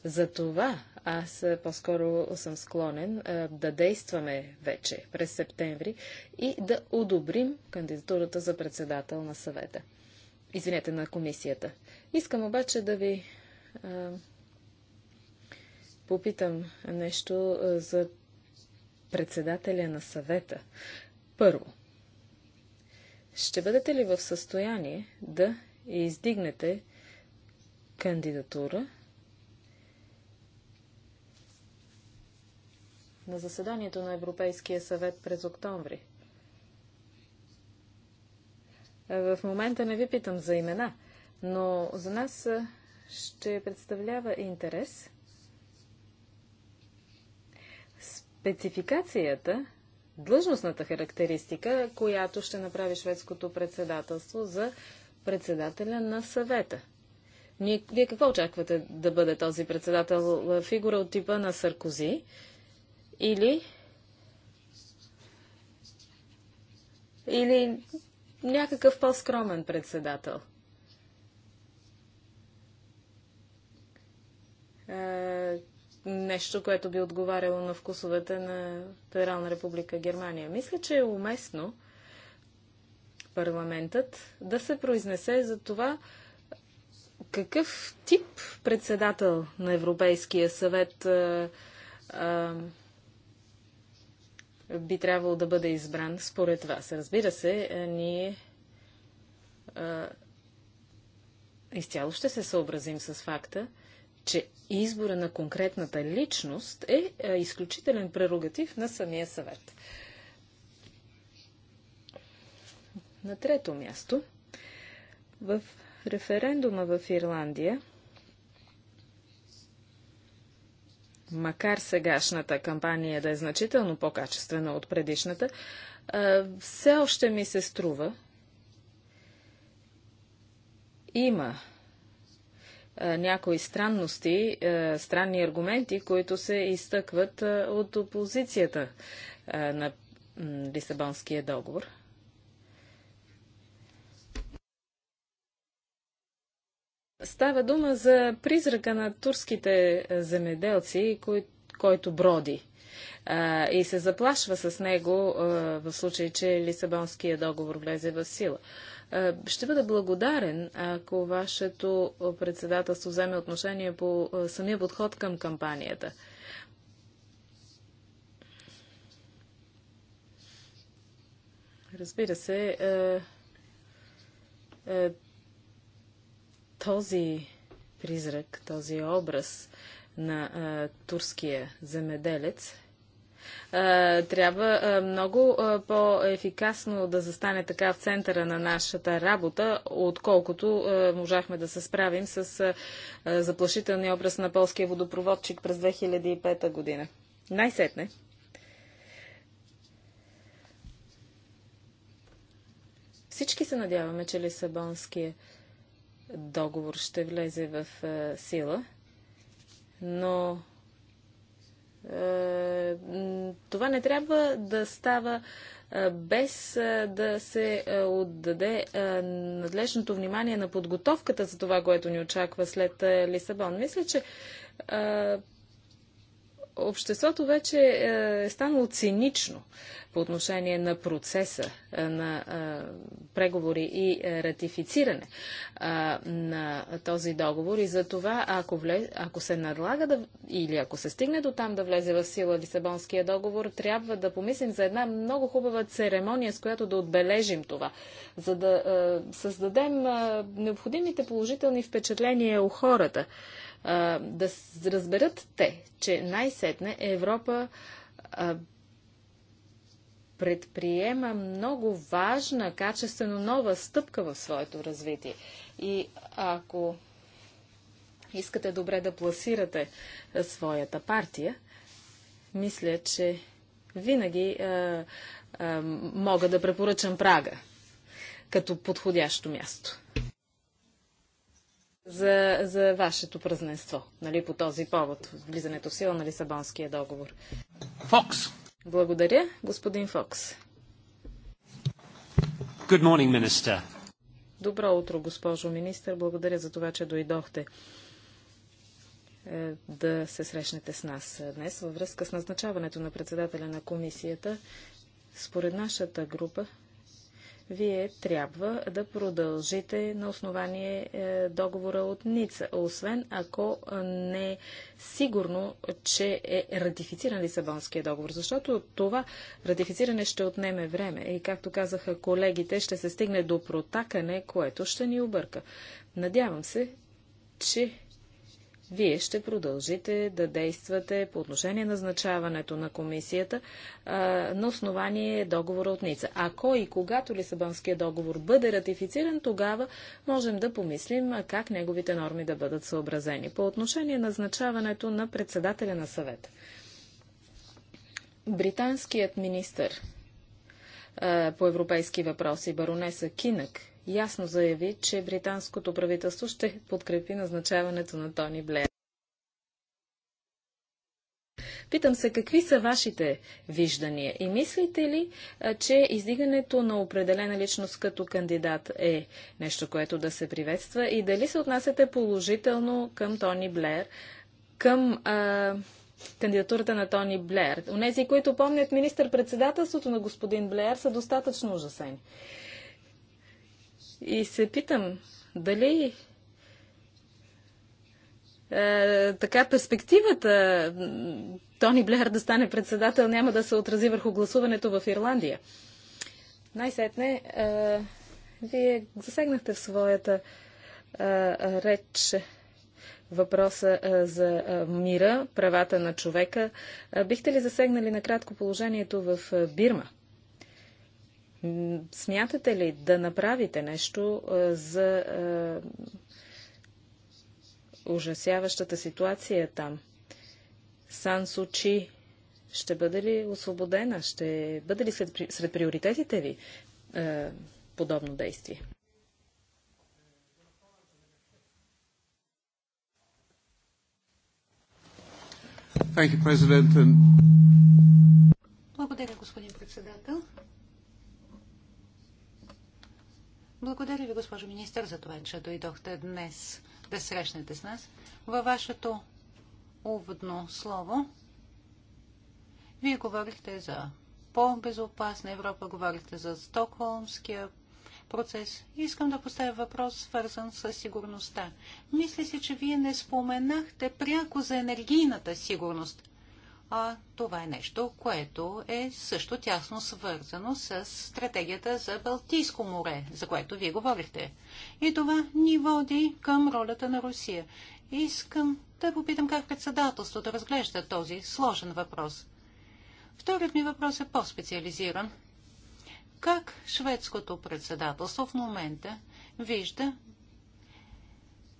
Затова аз е, по-скоро съм склонен е, да действаме вече през септември и да одобрим кандидатурата за председател на съвета. Извинете, на комисията. Искам обаче да ви е, попитам нещо за председателя на съвета. Първо, ще бъдете ли в състояние да издигнете кандидатура на заседанието на Европейския съвет през октомври? В момента не ви питам за имена, но за нас ще представлява интерес – спецификацията, длъжностната характеристика, която ще направи шведското председателство за председателя на съвета. Ние, вие какво очаквате да бъде този председател? Фигура от типа на Саркози или или някакъв по-скромен председател? А, е, нещо, което би отговаряло на вкусовете на Федерална република Германия. Мисля, че е уместно парламентът да се произнесе за това какъв тип председател на Европейския съвет а, а, би трябвало да бъде избран според вас. Разбира се, ние а, изцяло ще се съобразим с факта, че избора на конкретната личност е, е изключителен прерогатив на самия съвет. На трето място, в референдума в Ирландия, макар сегашната кампания да е значително по-качествена от предишната, все още ми се струва, има е, някои странности, е, странни аргументи, които се изтъкват е, от опозицията на Лисабонския договор. Става дума за призрака на турските земеделци, кой, който броди а, и се заплашва с него а, в случай, че Лисабонския договор влезе в сила. А, е, ще бъда благодарен, ако вашето председателство вземе отношение по е, самия подход към кампанията. Разбира се, е, този призрак, този образ на турския земеделец трябва много по-ефикасно да застане така в центъра на нашата работа, отколкото можахме да се справим с заплашителния образ на полския водопроводчик през 2005 година. Най-сетне. Всички се надяваме, че Лисабонския договор ще влезе в сила, но е, това не трябва да става е, без е, да се отдаде надлежното внимание на подготовката за това, което ни очаква след Лисабон. Мисля, че обществото вече е, е станало цинично по отношение на процеса е, на е, преговори и ратифициране на този договор и за това, ако, влез, ако се надлага да, или ако се стигне до там да влезе в сила Лисабонския договор, трябва да помислим за една много хубава церемония, с която да отбележим това, за да създадем необходимите положителни впечатления у хората да разберат те, че най-сетне Европа а, предприема много важна, качествено нова стъпка в своето развитие. И ако искате добре да пласирате своята партия, мисля, че винаги а, а, мога да препоръчам Прага като подходящо място за, за вашето празненство, нали, по този повод, влизането в сила на Лисабонския договор. Фокс. Благодаря, господин Фокс. Good morning, minister. Добро утро, госпожо министър. Благодаря за това, че дойдохте е, да се срещнете с нас днес във връзка с назначаването на председателя на комисията. Според нашата група вие трябва да продължите на основание е, договора от Ница, освен ако не е сигурно, че е ратифициран Лисабонския договор, защото това ратифициране ще отнеме време и, както казаха колегите, ще се стигне до протакане, което ще ни обърка. Надявам се, че вие ще продължите да действате по отношение на значаването на комисията а, на основание договора от Ница. Ако и когато Лисабонския договор бъде ратифициран, тогава можем да помислим как неговите норми да бъдат съобразени. По отношение на назначаването на председателя на съвет. Британският министр по европейски въпроси, баронеса Кинък, ясно заяви, че британското правителство ще подкрепи назначаването на Тони Блер. Питам се, какви са вашите виждания и мислите ли, че издигането на определена личност като кандидат е нещо, което да се приветства и дали се отнасяте положително към Тони Блер, към а, кандидатурата на Тони Блер? Онези, които помнят министър-председателството на господин Блер, са достатъчно ужасени. И се питам, дали е, така перспективата Тони Блер да стане председател няма да се отрази върху гласуването в Ирландия. Най-сетне, е, вие засегнахте в своята е, реч въпроса е, за е, мира, правата на човека. Е, бихте ли засегнали накратко положението в Бирма? Смятате ли да направите нещо за ужасяващата ситуация там? Сан Сучи ще бъде ли освободена? Ще бъде ли сред, сред приоритетите ви е, подобно действие? You, Благодаря, господин председател. Благодаря ви, госпожо министър, за това, че дойдохте днес да срещнете с нас. Във вашето уводно слово вие говорихте за по-безопасна Европа, говорихте за Стокхолмския процес. Искам да поставя въпрос, свързан с сигурността. Мисля си, че вие не споменахте пряко за енергийната сигурност а това е нещо, което е също тясно свързано с стратегията за Балтийско море, за което вие говорихте. И това ни води към ролята на Русия. Искам да попитам как председателството да разглежда този сложен въпрос. Вторият ми въпрос е по-специализиран. Как шведското председателство в момента вижда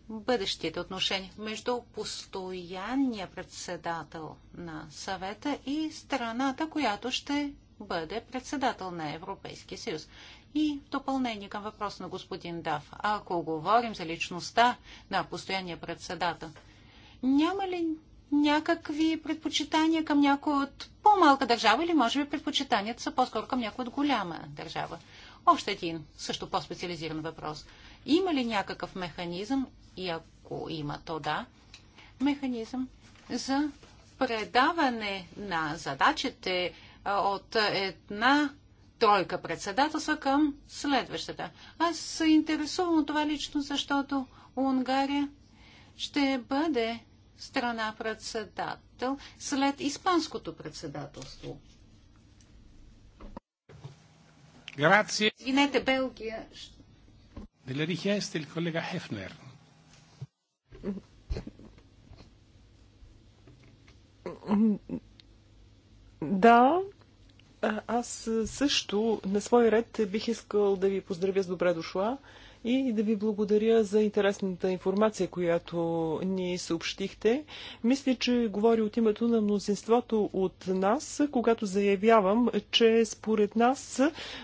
бъдещите отношения между постоянния председател на съвета и страната, която ще бъде председател на Европейския съюз. И в допълнение към въпрос на господин Дав, ако говорим за личността на постоянния председател, няма ли някакви предпочитания към някой от по-малка държава или може би предпочитанията са по-скоро към някой от голяма държава? Още един, също по-специализиран въпрос. Има ли някакъв механизъм и ако има, то да, механизъм за предаване на задачите от една тройка председателства към следващата. Аз се интересувам от това лично, защото Унгария ще бъде страна председател след испанското председателство. Извинете, Белгия. Delle колега Хефнер? Да, аз също на свой ред бих искал да ви поздравя с добре дошла и да ви благодаря за интересната информация, която ни съобщихте. Мисля, че говори от името на мнозинството от нас, когато заявявам, че според нас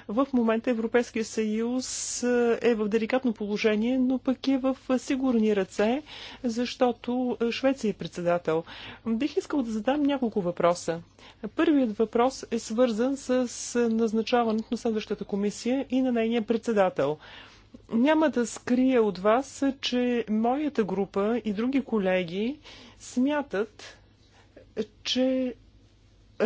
в момента Европейския съюз е в деликатно положение, но пък е в сигурни ръце, защото Швеция е председател. Бих искал да задам няколко въпроса. Първият въпрос е свързан с назначаването на следващата комисия и на нейния председател. Няма да скрия от вас, че моята група и други колеги смятат, че е,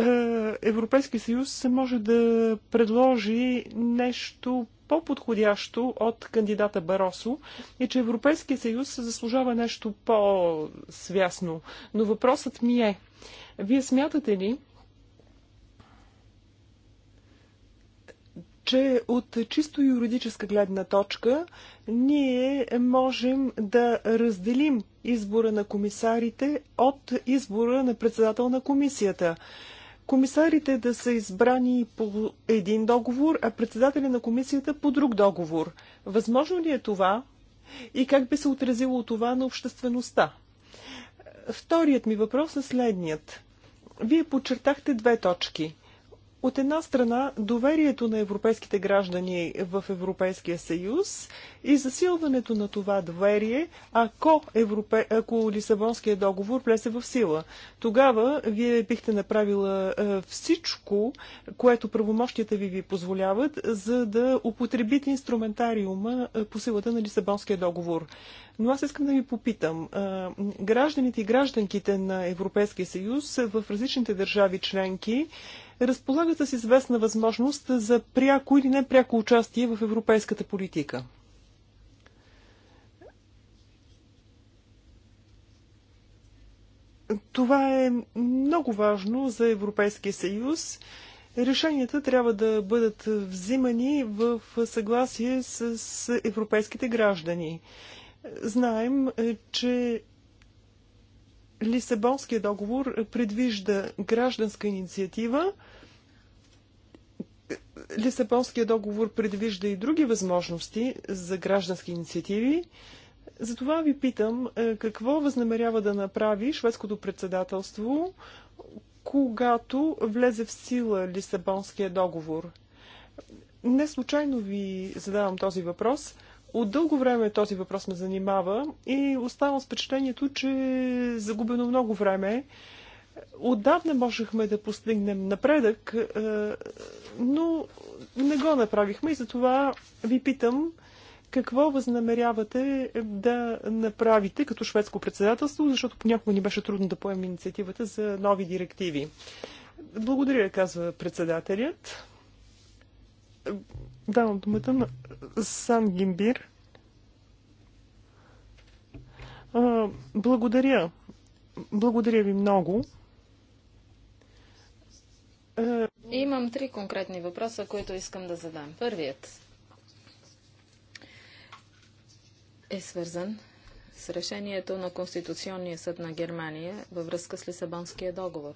Европейски съюз може да предложи нещо по-подходящо от кандидата Баросо и че Европейския съюз заслужава нещо по-свясно. Но въпросът ми е, вие смятате ли, че от чисто юридическа гледна точка ние можем да разделим избора на комисарите от избора на председател на комисията. Комисарите да са избрани по един договор, а председателя на комисията по друг договор. Възможно ли е това и как би се отразило това на обществеността? Вторият ми въпрос е следният. Вие подчертахте две точки – от една страна, доверието на европейските граждани в Европейския съюз и засилването на това доверие, ако, Европе... ако Лисабонския договор влезе в сила. Тогава вие бихте направила е, всичко, което правомощията ви ви позволяват, за да употребите инструментариума е, по силата на Лисабонския договор. Но аз искам да ви попитам. Е, гражданите и гражданките на Европейския съюз в различните държави членки разполагат с известна възможност за пряко или непряко участие в европейската политика. Това е много важно за Европейския съюз. Решенията трябва да бъдат взимани в съгласие с европейските граждани. Знаем, че Лисабонския договор предвижда гражданска инициатива. Лисабонския договор предвижда и други възможности за граждански инициативи. Затова ви питам е, какво възнамерява да направи шведското председателство, когато влезе в сила Лисабонския договор. Не случайно ви задавам този въпрос – от дълго време този въпрос ме занимава и оставам с впечатлението, че е загубено много време. Отдавна можехме да постигнем напредък, е, но не го направихме и затова ви питам какво възнамерявате да направите като шведско председателство, защото понякога ни беше трудно да поемем инициативата за нови директиви. Благодаря, казва председателят. Давам думата на Сан Гимбир. Благодаря. Благодаря ви много. Имам три конкретни въпроса, които искам да задам. Първият е свързан с решението на Конституционния съд на Германия във връзка с Лисабонския договор.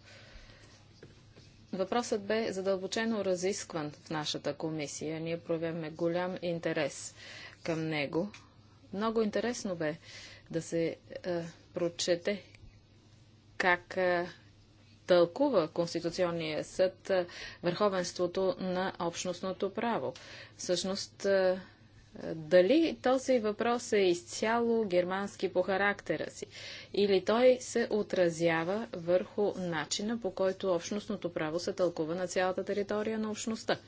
Въпросът бе задълбочено разискван в нашата комисия. Ние проявяваме голям интерес към него. Много интересно бе да се а, е, прочете как а, е, тълкува Конституционния съд а, е, върховенството на общностното право. Всъщност, а, дали този въпрос е изцяло германски по характера си или той се отразява върху начина по който общностното право се тълкува на цялата територия на общността.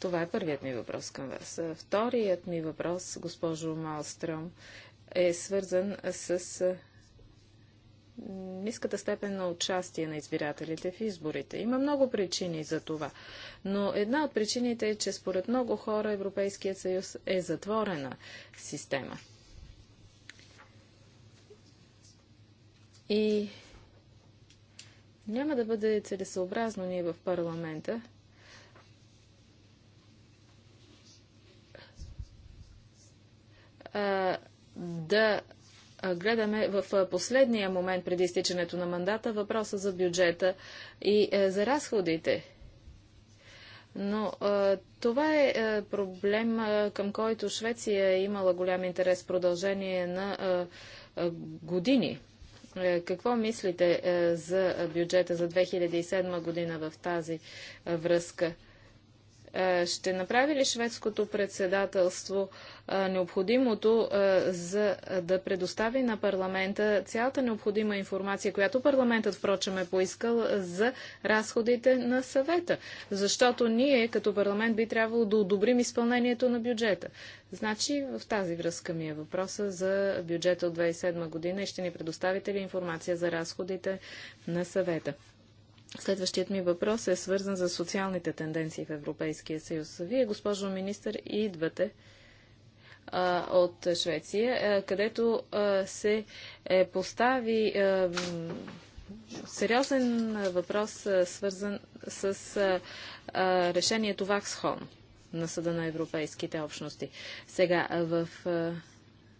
Това е първият ми въпрос към вас. Вторият ми въпрос, госпожо Малстром, е свързан с ниската степен на участие на избирателите в изборите. Има много причини за това. Но една от причините е, че според много хора Европейския съюз е затворена система. И няма да бъде целесообразно ние в парламента да гледаме в последния момент преди изтичането на мандата въпроса за бюджета и е, за разходите. Но това е, е проблем, към който Швеция е имала голям интерес в продължение на години. Е, какво мислите за бюджета за 2007 година в тази връзка? Е, ще направи ли шведското председателство е, необходимото е, за да предостави на парламента цялата необходима информация, която парламентът, впрочем, е поискал за разходите на съвета? Защото ние, като парламент, би трябвало да одобрим изпълнението на бюджета. Значи, в тази връзка ми е въпроса за бюджета от 2007 година и ще ни предоставите ли информация за разходите на съвета? Следващият ми въпрос е свързан за социалните тенденции в Европейския съюз. Вие, госпожо министър, идвате а, от Швеция, а, където а, се е постави сериозен въпрос, свързан с решението Ваксхон на Съда на Европейските общности. Сега в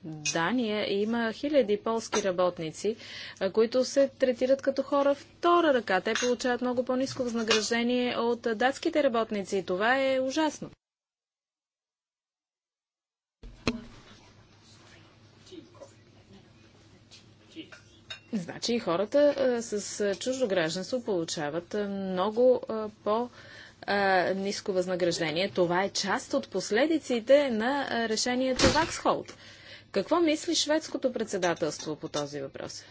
Дания има хиляди полски работници, които се третират като хора втора ръка. Те получават много по-низко възнаграждение от датските работници. Това е ужасно. Значи и хората а, с чуждо гражданство получават а, много а, по- ниско възнаграждение. Това е част от последиците на решението Ваксхолд. Какво мисли шведското председателство по този въпрос?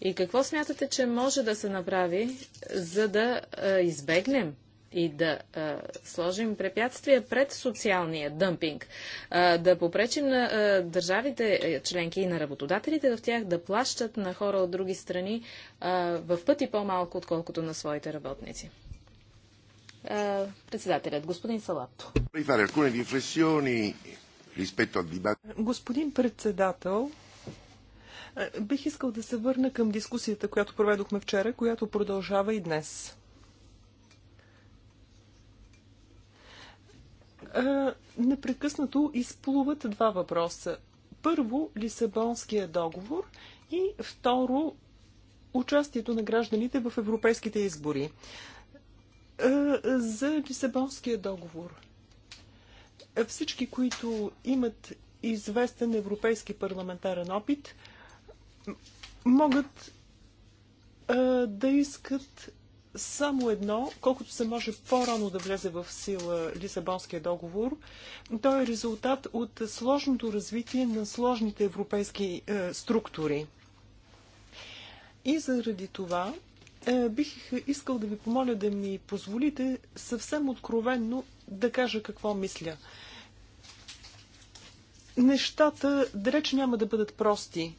И какво смятате, че може да се направи, за да а, избегнем и да а, сложим препятствия пред социалния дъмпинг, а, да попречим на а, държавите е, членки и на работодателите в тях да плащат на хора от други страни а, в пъти по-малко, отколкото на своите работници. А, председателят, господин Салапто rispetto al dibattito. Господин председател, е, бих искал да се върна към дискусията, която проведохме вчера, която продължава и днес. Е, непрекъснато изплуват два въпроса. Първо, Лисабонския договор и второ, участието на гражданите в европейските избори. Е, за Лисабонския договор. Всички, които имат известен европейски парламентарен опит, могат а, да искат само едно, колкото се може по-рано да влезе в сила Лисабонския договор. Той е резултат от сложното развитие на сложните европейски е, структури. И заради това е, бих искал да ви помоля да ми позволите съвсем откровенно да кажа какво мисля нещата, далеч няма да бъдат прости,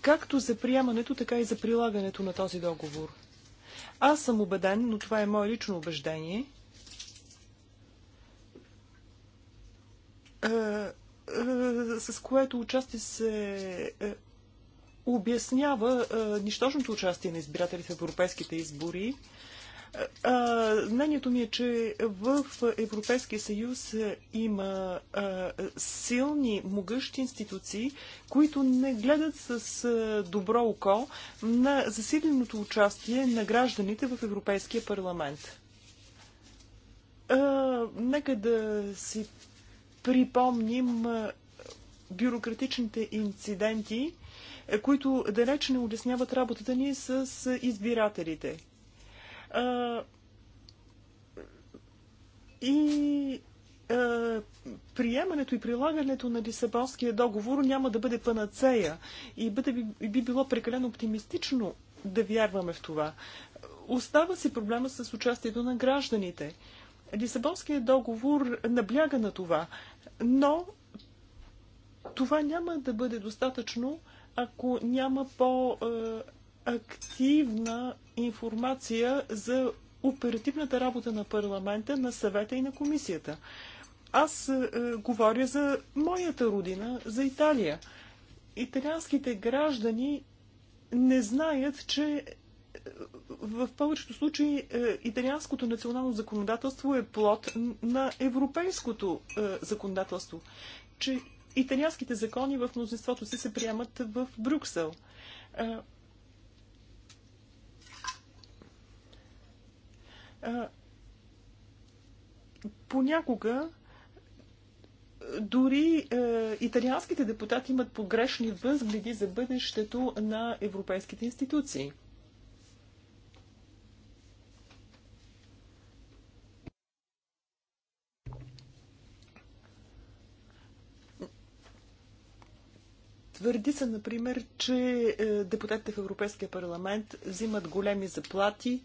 както за приемането, така и за прилагането на този договор. Аз съм убеден, но това е мое лично убеждение, е, е, с което участие се е, обяснява нищожното участие на избирателите в европейските избори, Знанието ми е, че в Европейския съюз има силни, могъщи институции, които не гледат с добро око на засиленото участие на гражданите в Европейския парламент. Нека да си припомним бюрократичните инциденти, които далеч не улесняват работата ни с избирателите и приемането и прилагането на Лисабонския договор няма да бъде панацея и бъде, би било прекалено оптимистично да вярваме в това. Остава си проблема с участието на гражданите. Лисабонският договор набляга на това, но това няма да бъде достатъчно, ако няма по активна информация за оперативната работа на парламента, на съвета и на комисията. Аз е, е говоря за моята родина, за Италия. Италианските граждани не знаят, че е, в повечето случаи е, италианското национално законодателство е плод на европейското законодателство, че италианските закони в мнозинството си се приемат в Брюксел. понякога дори е, италианските депутати имат погрешни възгледи за бъдещето на европейските институции. Твърди се, например, че е, депутатите в Европейския парламент взимат големи заплати,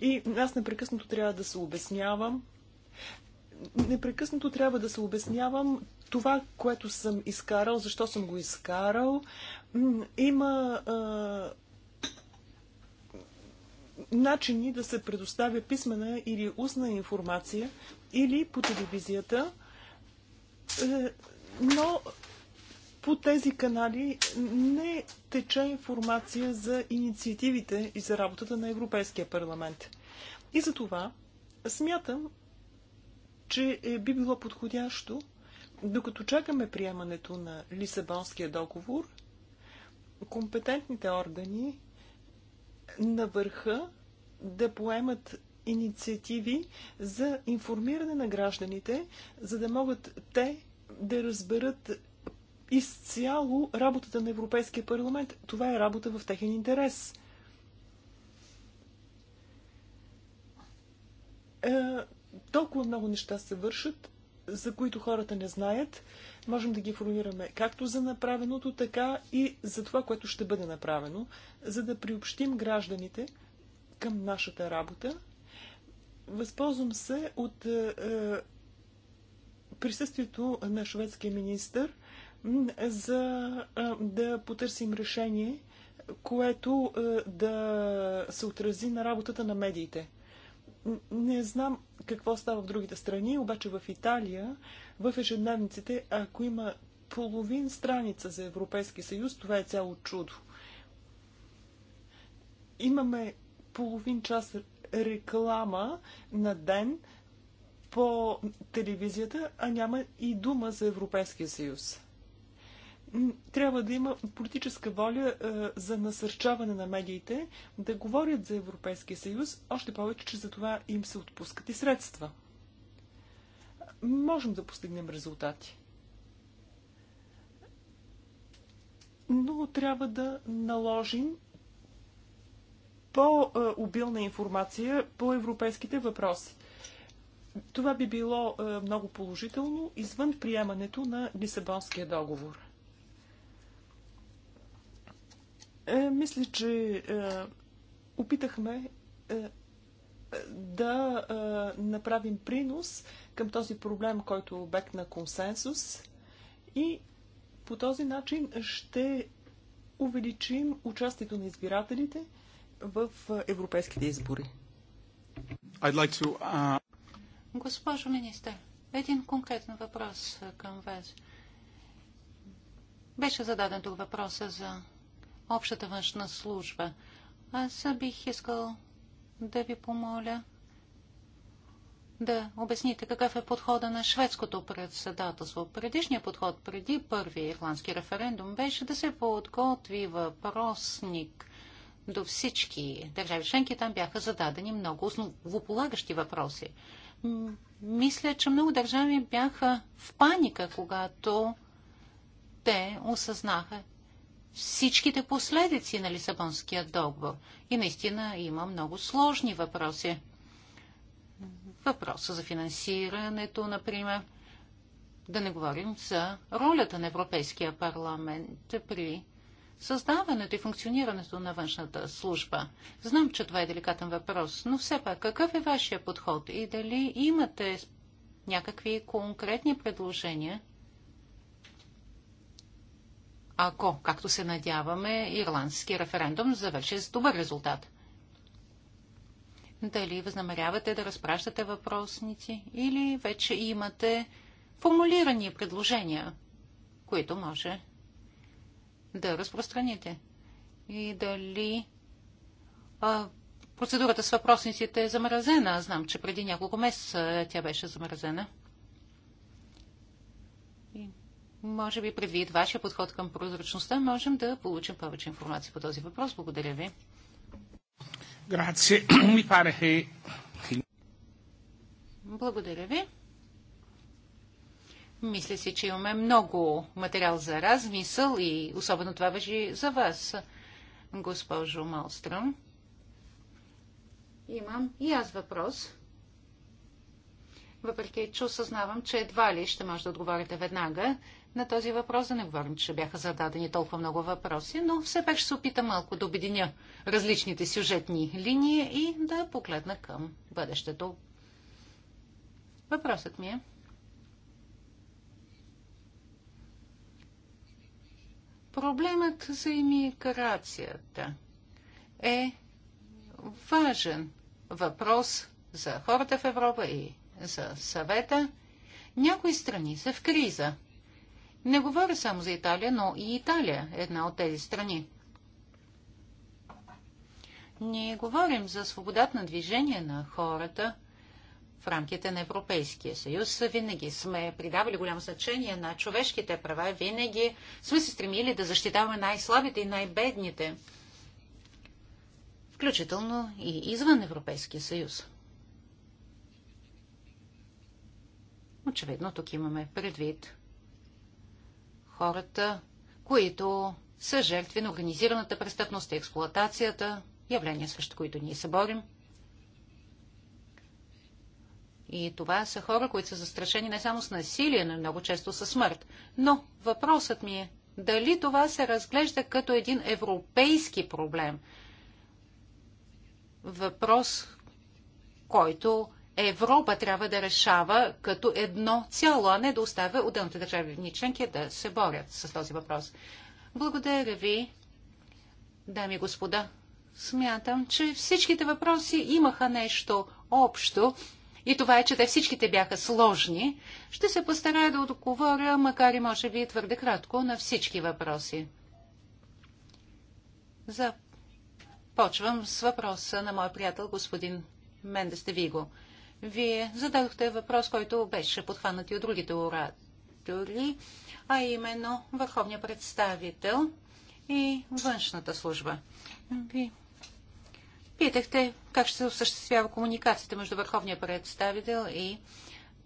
и аз непрекъснато трябва да се обяснявам. Непрекъснато трябва да се обяснявам това, което съм изкарал, защо съм го изкарал. Има начини да се предоставя писмена или устна информация или по телевизията, е, но по тези канали не тече информация за инициативите и за работата на Европейския парламент. И за това смятам, че е, би било подходящо, докато чакаме приемането на Лисабонския договор, компетентните органи на върха да поемат инициативи за информиране на гражданите, за да могат те да разберат изцяло работата на Европейския парламент. Това е работа в техен интерес. Е, толкова много неща се вършат, за които хората не знаят. Можем да ги формираме както за направеното, така и за това, което ще бъде направено, за да приобщим гражданите към нашата работа. Възползвам се от е, е присъствието на шведския министр – за да потърсим решение, което да се отрази на работата на медиите. Не знам какво става в другите страни, обаче в Италия, в ежедневниците, ако има половин страница за Европейски съюз, това е цяло чудо. Имаме половин час реклама на ден по телевизията, а няма и дума за Европейския съюз трябва да има политическа воля е, за насърчаване на медиите да говорят за Европейския съюз, още повече, че за това им се отпускат и средства. Можем да постигнем резултати. Но трябва да наложим по-обилна информация по европейските въпроси. Това би било е, много положително извън приемането на Лисабонския договор. Е, мисля, че е, опитахме е, да направим принос към този проблем, който е обект на консенсус и по този начин ще увеличим участието на избирателите в европейските избори. I'd like to, uh... Госпожо министър, един конкретен въпрос към вас. Беше зададен тук въпроса за общата външна служба. Аз бих искал да ви помоля да обясните какъв е подхода на шведското председателство. Предишният подход преди първия ирландски референдум беше да се подготви въпросник до всички държави членки. Там бяха зададени много основополагащи въпроси. Мисля, че много държави бяха в паника, когато те осъзнаха, всичките последици на Лисабонския договор. И наистина има много сложни въпроси. Въпроса за финансирането, например, да не говорим за ролята на Европейския парламент при създаването и функционирането на външната служба. Знам, че това е деликатен въпрос, но все пак какъв е вашия подход и дали имате някакви конкретни предложения ако, както се надяваме, ирландски референдум завърши с добър резултат. Дали възнамерявате да разпращате въпросници или вече имате формулирани предложения, които може да разпространите? И дали а, процедурата с въпросниците е замразена? Знам, че преди няколко месеца тя беше замразена. Може би предвид вашия подход към прозрачността, можем да получим повече информация по този въпрос. Благодаря ви. Благодаря ви. Мисля си, че имаме много материал за размисъл и особено това въжи за вас, госпожо Малстрън. Имам и аз въпрос. Въпреки, че осъзнавам, че едва ли ще може да отговорите веднага, на този въпрос. Да не говорим, че бяха зададени толкова много въпроси, но все пак ще се опита малко да обединя различните сюжетни линии и да погледна към бъдещето. Въпросът ми е. Проблемът за имиграцията е важен въпрос за хората в Европа и за съвета. Някои страни са в криза. Не говоря само за Италия, но и Италия е една от тези страни. Ние говорим за свободата на движение на хората в рамките на Европейския съюз. Винаги сме придавали голямо значение на човешките права. Винаги сме се стремили да защитаваме най-слабите и най-бедните, включително и извън Европейския съюз. Очевидно, тук имаме предвид хората, които са жертви на организираната престъпност и експлоатацията, явления срещу които ние се борим. И това са хора, които са застрашени не само с насилие, но много често със смърт. Но въпросът ми е, дали това се разглежда като един европейски проблем? Въпрос, който Европа трябва да решава като едно цяло, а не да оставя отделните държави членки да се борят с този въпрос. Благодаря ви, дами и господа. Смятам, че всичките въпроси имаха нещо общо и това е, че те всичките бяха сложни. Ще се постарая да отговоря, макар и може би твърде кратко, на всички въпроси. Започвам с въпроса на моя приятел господин Мендес Девиго. Вие зададохте въпрос, който беше подхванат и от другите оратори, а именно върховния представител и външната служба. Вие питахте как ще се осъществява комуникацията между върховния представител и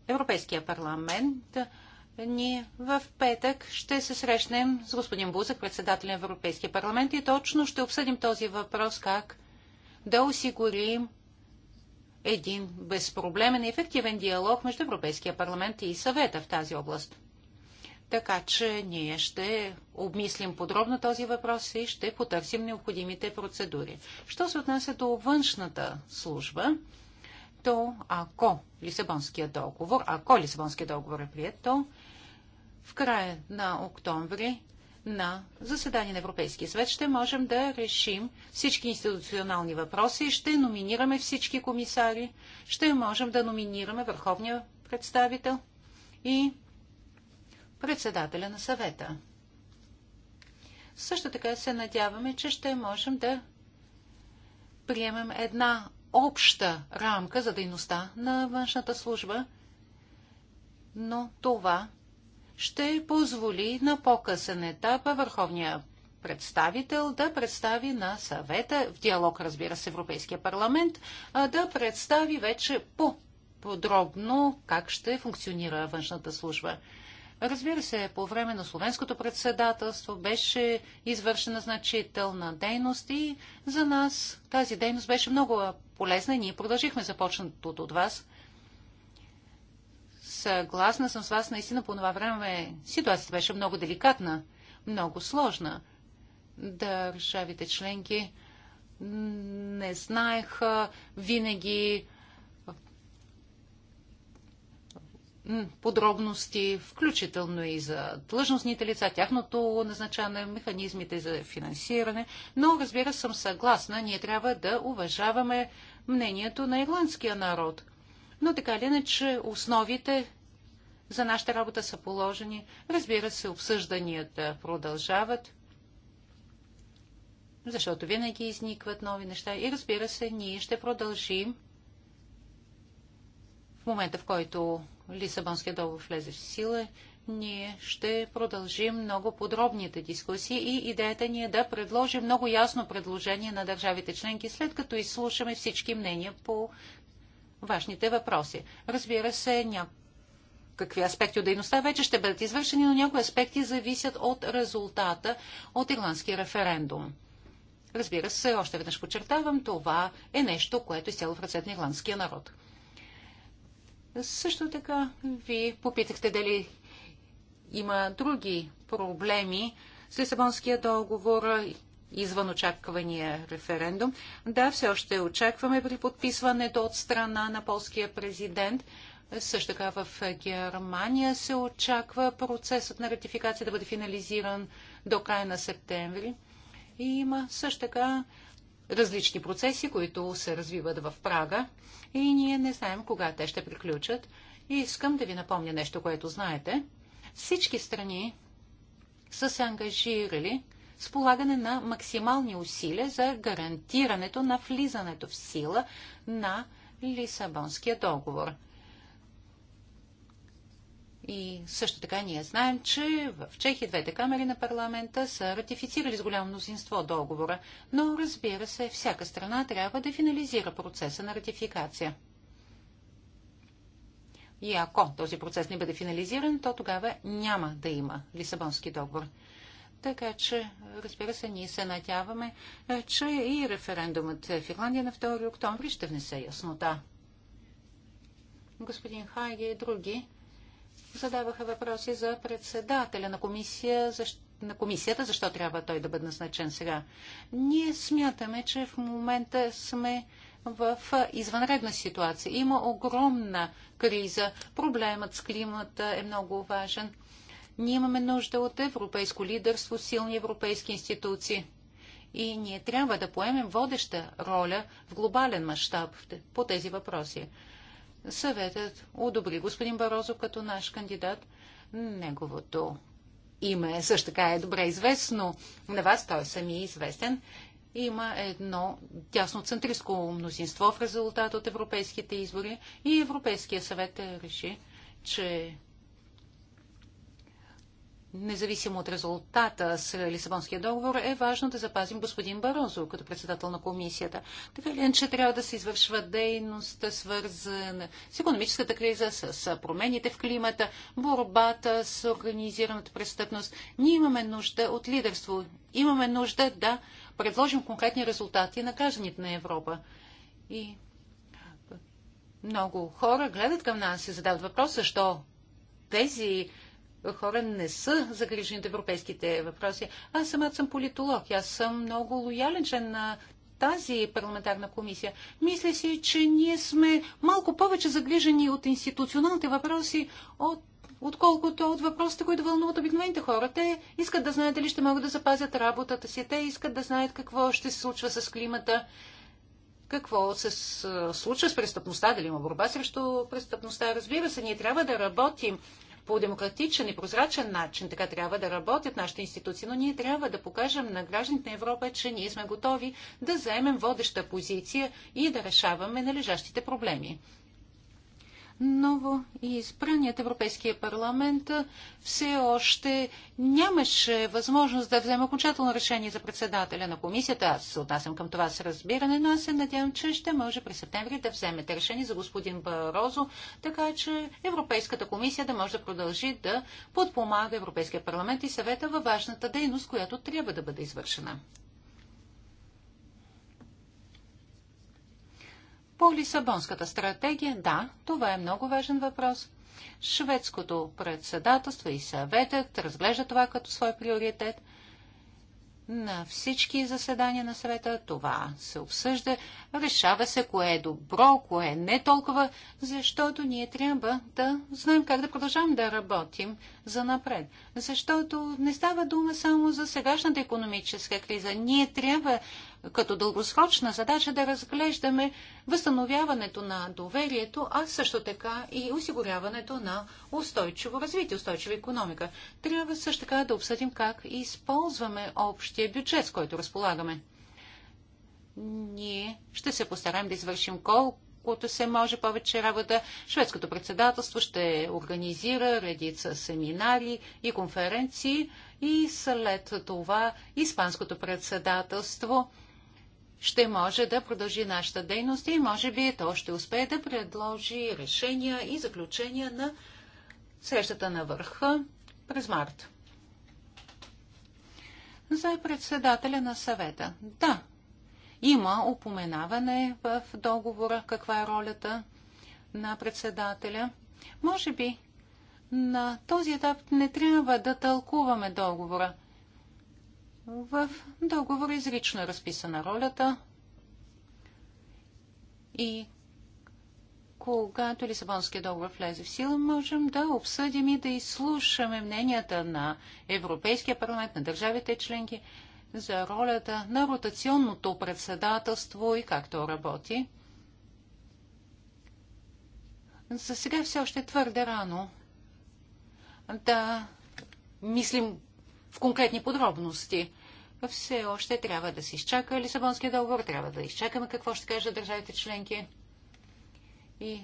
Европейския парламент. Ние в петък ще се срещнем с господин Бузък, председател на Европейския парламент и точно ще обсъдим този въпрос как да осигурим един безпроблемен и ефективен диалог между Европейския парламент и съвета в тази област. Така че ние ще обмислим подробно този въпрос и ще потърсим необходимите процедури. Що се отнася до външната служба, то ако Лисабонския договор, ако Лисабонския договор е прият, то в края на октомври на заседание на Европейския съвет ще можем да решим всички институционални въпроси, ще номинираме всички комисари, ще можем да номинираме върховния представител и председателя на съвета. Също така се надяваме, че ще можем да приемем една обща рамка за дейността на външната служба, но това ще позволи на по-късен етап върховния представител да представи на съвета, в диалог, разбира се, Европейския парламент, да представи вече по-подробно как ще функционира външната служба. Разбира се, по време на словенското председателство беше извършена значителна дейност и за нас тази дейност беше много полезна и ние продължихме започнатото от вас. Съгласна съм с вас, наистина по това време ситуацията беше много деликатна, много сложна. Държавите членки не знаеха винаги подробности, включително и за длъжностните лица, тяхното назначаване, механизмите за финансиране. Но, разбира, съм съгласна, ние трябва да уважаваме мнението на ирландския народ – но така или иначе основите за нашата работа са положени. Разбира се, обсъжданията продължават, защото винаги изникват нови неща и разбира се, ние ще продължим в момента, в който Лисабонския договор влезе в сила, ние ще продължим много подробните дискусии и идеята ни е да предложим много ясно предложение на държавите членки, след като изслушаме всички мнения по важните въпроси. Разбира се, някакви аспекти от дейността вече ще бъдат извършени, но някои аспекти зависят от резултата от ирландския референдум. Разбира се, още веднъж подчертавам, това е нещо, което е изцяло в ръцете на ирландския народ. Също така ви попитахте дали има други проблеми с Лисабонския договор извън очаквания референдум. Да, все още очакваме при подписването от страна на полския президент. Също така в Германия се очаква процесът на ратификация да бъде финализиран до края на септември. И има също така различни процеси, които се развиват в Прага и ние не знаем кога те ще приключат. И искам да ви напомня нещо, което знаете. Всички страни са се ангажирали с полагане на максимални усилия за гарантирането на влизането в сила на Лисабонския договор. И също така ние знаем, че в Чехия двете камери на парламента са ратифицирали с голямо мнозинство договора, но разбира се, всяка страна трябва да финализира процеса на ратификация. И ако този процес не бъде финализиран, то тогава няма да има Лисабонски договор. Така че, разбира се, ние се надяваме, е, че и референдумът в Ирландия на 2 октомври ще внесе яснота. Господин Хайге и други задаваха въпроси за председателя на, комисия, защ... на комисията, защо трябва той да бъде назначен сега. Ние смятаме, че в момента сме в извънредна ситуация. Има огромна криза. Проблемът с климата е много важен. Ние имаме нужда от европейско лидерство, силни европейски институции. И ние трябва да поемем водеща роля в глобален мащаб по тези въпроси. Съветът одобри господин Барозов като наш кандидат. Неговото име също така е добре известно. На вас той сами е известен. Има едно тясно центристско мнозинство в резултат от европейските избори и Европейския съвет реши, че независимо от резултата с Лисабонския договор, е важно да запазим господин Барозо като председател на комисията. Така ли, е, че трябва да се извършва дейност, свързана с економическата криза, с промените в климата, борбата с организираната престъпност. Ние имаме нужда от лидерство. Имаме нужда да предложим конкретни резултати на гражданите на Европа. И много хора гледат към нас и задават въпрос, защо тези хора не са загрижени от европейските въпроси. Аз самата съм политолог. Аз съм много лоялен член на тази парламентарна комисия. Мисля си, че ние сме малко повече загрижени от институционалните въпроси, от отколкото от въпросите, които вълнуват обикновените хора. Те искат да знаят дали ще могат да запазят работата си, те искат да знаят какво ще се случва с климата, какво се случва с престъпността, дали има борба срещу престъпността. Разбира се, ние трябва да работим по демократичен и прозрачен начин. Така трябва да работят нашите институции, но ние трябва да покажем на гражданите на Европа, че ние сме готови да заемем водеща позиция и да решаваме належащите проблеми ново избраният Европейския парламент все още нямаше възможност да вземе окончателно решение за председателя на комисията. Аз се отнасям към това с разбиране, но аз се надявам, че ще може през септември да вземете решение за господин Барозо, така че Европейската комисия да може да продължи да подпомага Европейския парламент и съвета във важната дейност, която трябва да бъде извършена. Лисабонската стратегия, да, това е много важен въпрос. Шведското председателство и съветът разглежда това като свой приоритет. На всички заседания на съвета това се обсъжда, решава се кое е добро, кое е не толкова, защото ние трябва да знаем как да продължаваме да работим за напред. Защото не става дума само за сегашната економическа криза. Ние трябва като дългосрочна задача да разглеждаме възстановяването на доверието, а също така и осигуряването на устойчиво развитие, устойчива економика. Трябва също така да обсъдим как използваме общия бюджет, с който разполагаме. Ние ще се постараем да извършим колко колкото се може повече работа. Шведското председателство ще организира редица семинари и конференции и след това Испанското председателство ще може да продължи нашата дейност и може би то ще успее да предложи решения и заключения на срещата на върха през март. За председателя на съвета. Да, има упоменаване в договора каква е ролята на председателя. Може би на този етап не трябва да тълкуваме договора – в договор изрично е разписана ролята и когато Лисабонския договор влезе в сила, можем да обсъдим и да изслушаме мненията на Европейския парламент, на държавите членки за ролята на ротационното председателство и как то работи. За сега все още твърде рано да мислим в конкретни подробности все още трябва да се изчака Лисабонския договор, трябва да изчакаме какво ще кажат държавите членки. И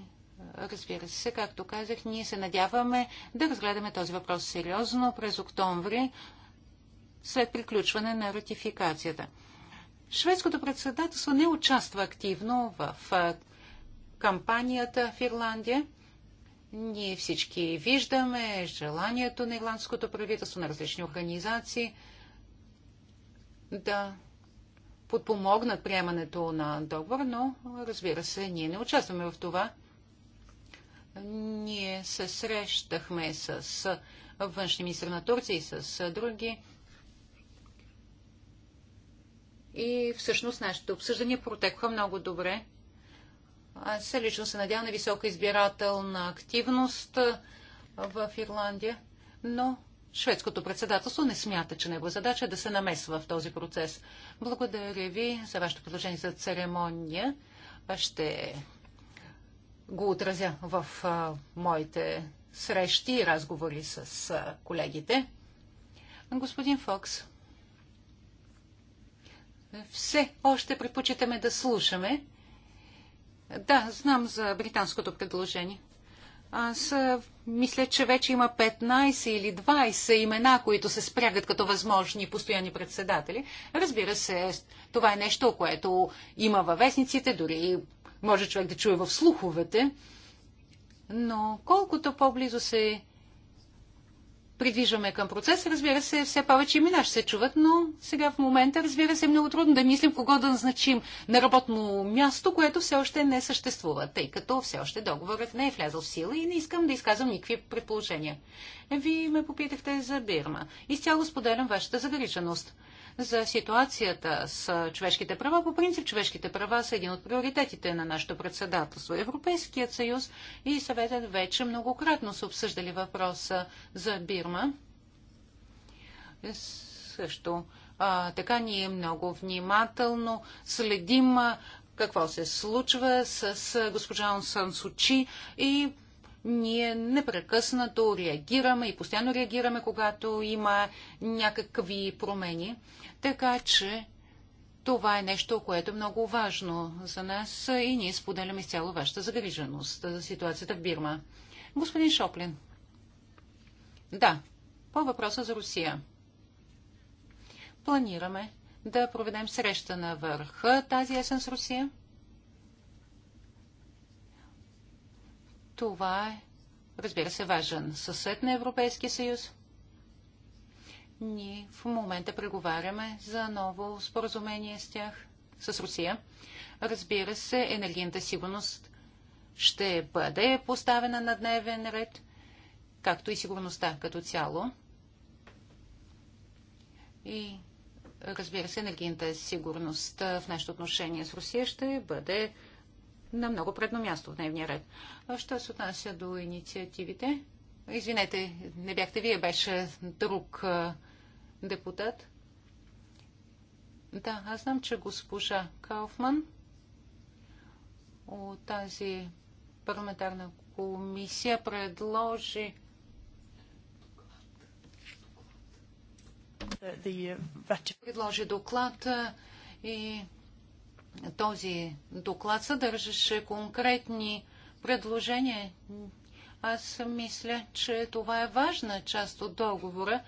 разбира се, както казах, ние се надяваме да разгледаме този въпрос сериозно през октомври, след приключване на ратификацията. Шведското председателство не участва активно в кампанията в Ирландия. Ние всички виждаме желанието на ирландското правителство, на различни организации – да подпомогнат приемането на договор, но разбира се, ние не участваме в това. Ние се срещахме с външния министри на Турция и с други. И всъщност нашите обсъждания протекоха много добре. Аз лично се надявам на висока избирателна активност в Ирландия, но шведското председателство не смята, че негова задача е да се намесва в този процес. Благодаря ви за вашето предложение за церемония. Ще го отразя в а, моите срещи и разговори с а, колегите. Господин Фокс, все още предпочитаме да слушаме. Да, знам за британското предложение. Аз мисля, че вече има 15 или 20 имена, които се спрягат като възможни постоянни председатели. Разбира се, това е нещо, което има във вестниците, дори може човек да чуе в слуховете. Но колкото по-близо се придвижваме към процес. Разбира се, все повече имена ще се чуват, но сега в момента, разбира се, е много трудно да мислим кого да назначим на работно място, което все още не съществува, тъй като все още договорът не е влязъл в сила и не искам да изказвам никакви предположения. Вие ме попитахте за Бирма. Изцяло споделям вашата загриженост за ситуацията с човешките права. По принцип, човешките права са един от приоритетите на нашето председателство. Европейският съюз и съветът вече многократно са обсъждали въпроса за Бирма. Също а, така ние много внимателно следим какво се случва с госпожа Онсан Сучи и ние непрекъснато реагираме и постоянно реагираме, когато има някакви промени. Така че това е нещо, което е много важно за нас и ние споделяме изцяло вашата загриженост за ситуацията в Бирма. Господин Шоплин. Да, по въпроса за Русия. Планираме да проведем среща на върха тази есен с Русия. Това е, разбира се, важен съсед на Европейския съюз. Ние в момента преговаряме за ново споразумение с тях, с Русия. Разбира се, енергийната сигурност ще бъде поставена на дневен ред, както и сигурността като цяло. И разбира се, енергийната сигурност в нашето отношение с Русия ще бъде на много предно място в дневния ред. Що се отнася до инициативите? Извинете, не бяхте вие, беше друг депутат. Да, аз знам, че госпожа Кауфман от тази парламентарна комисия предложи uh, предложи доклад и този доклад съдържаше конкретни предложения. Аз мисля, че това е важна част от договора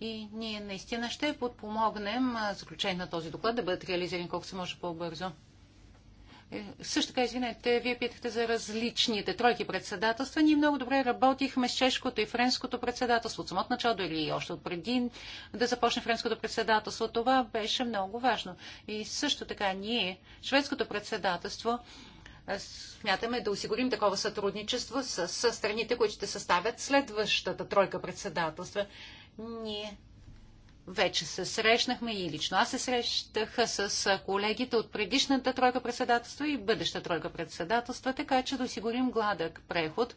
и ние наистина ще подпомогнем заключение на този доклад да бъдат реализирани колко се може по-бързо. Е, също така, извинете, вие питахте за различните тройки председателства. Ние много добре работихме с чешкото и френското председателство от самото начало, или още от преди да започне френското председателство. Това беше много важно. И също така ние, шведското председателство, е, смятаме да осигурим такова сътрудничество с, с страните, които ще съставят следващата тройка председателства. Ние вече се срещнахме и лично аз се срещах с колегите от предишната тройка председателство и бъдеща тройка председателства, така че да осигурим гладък преход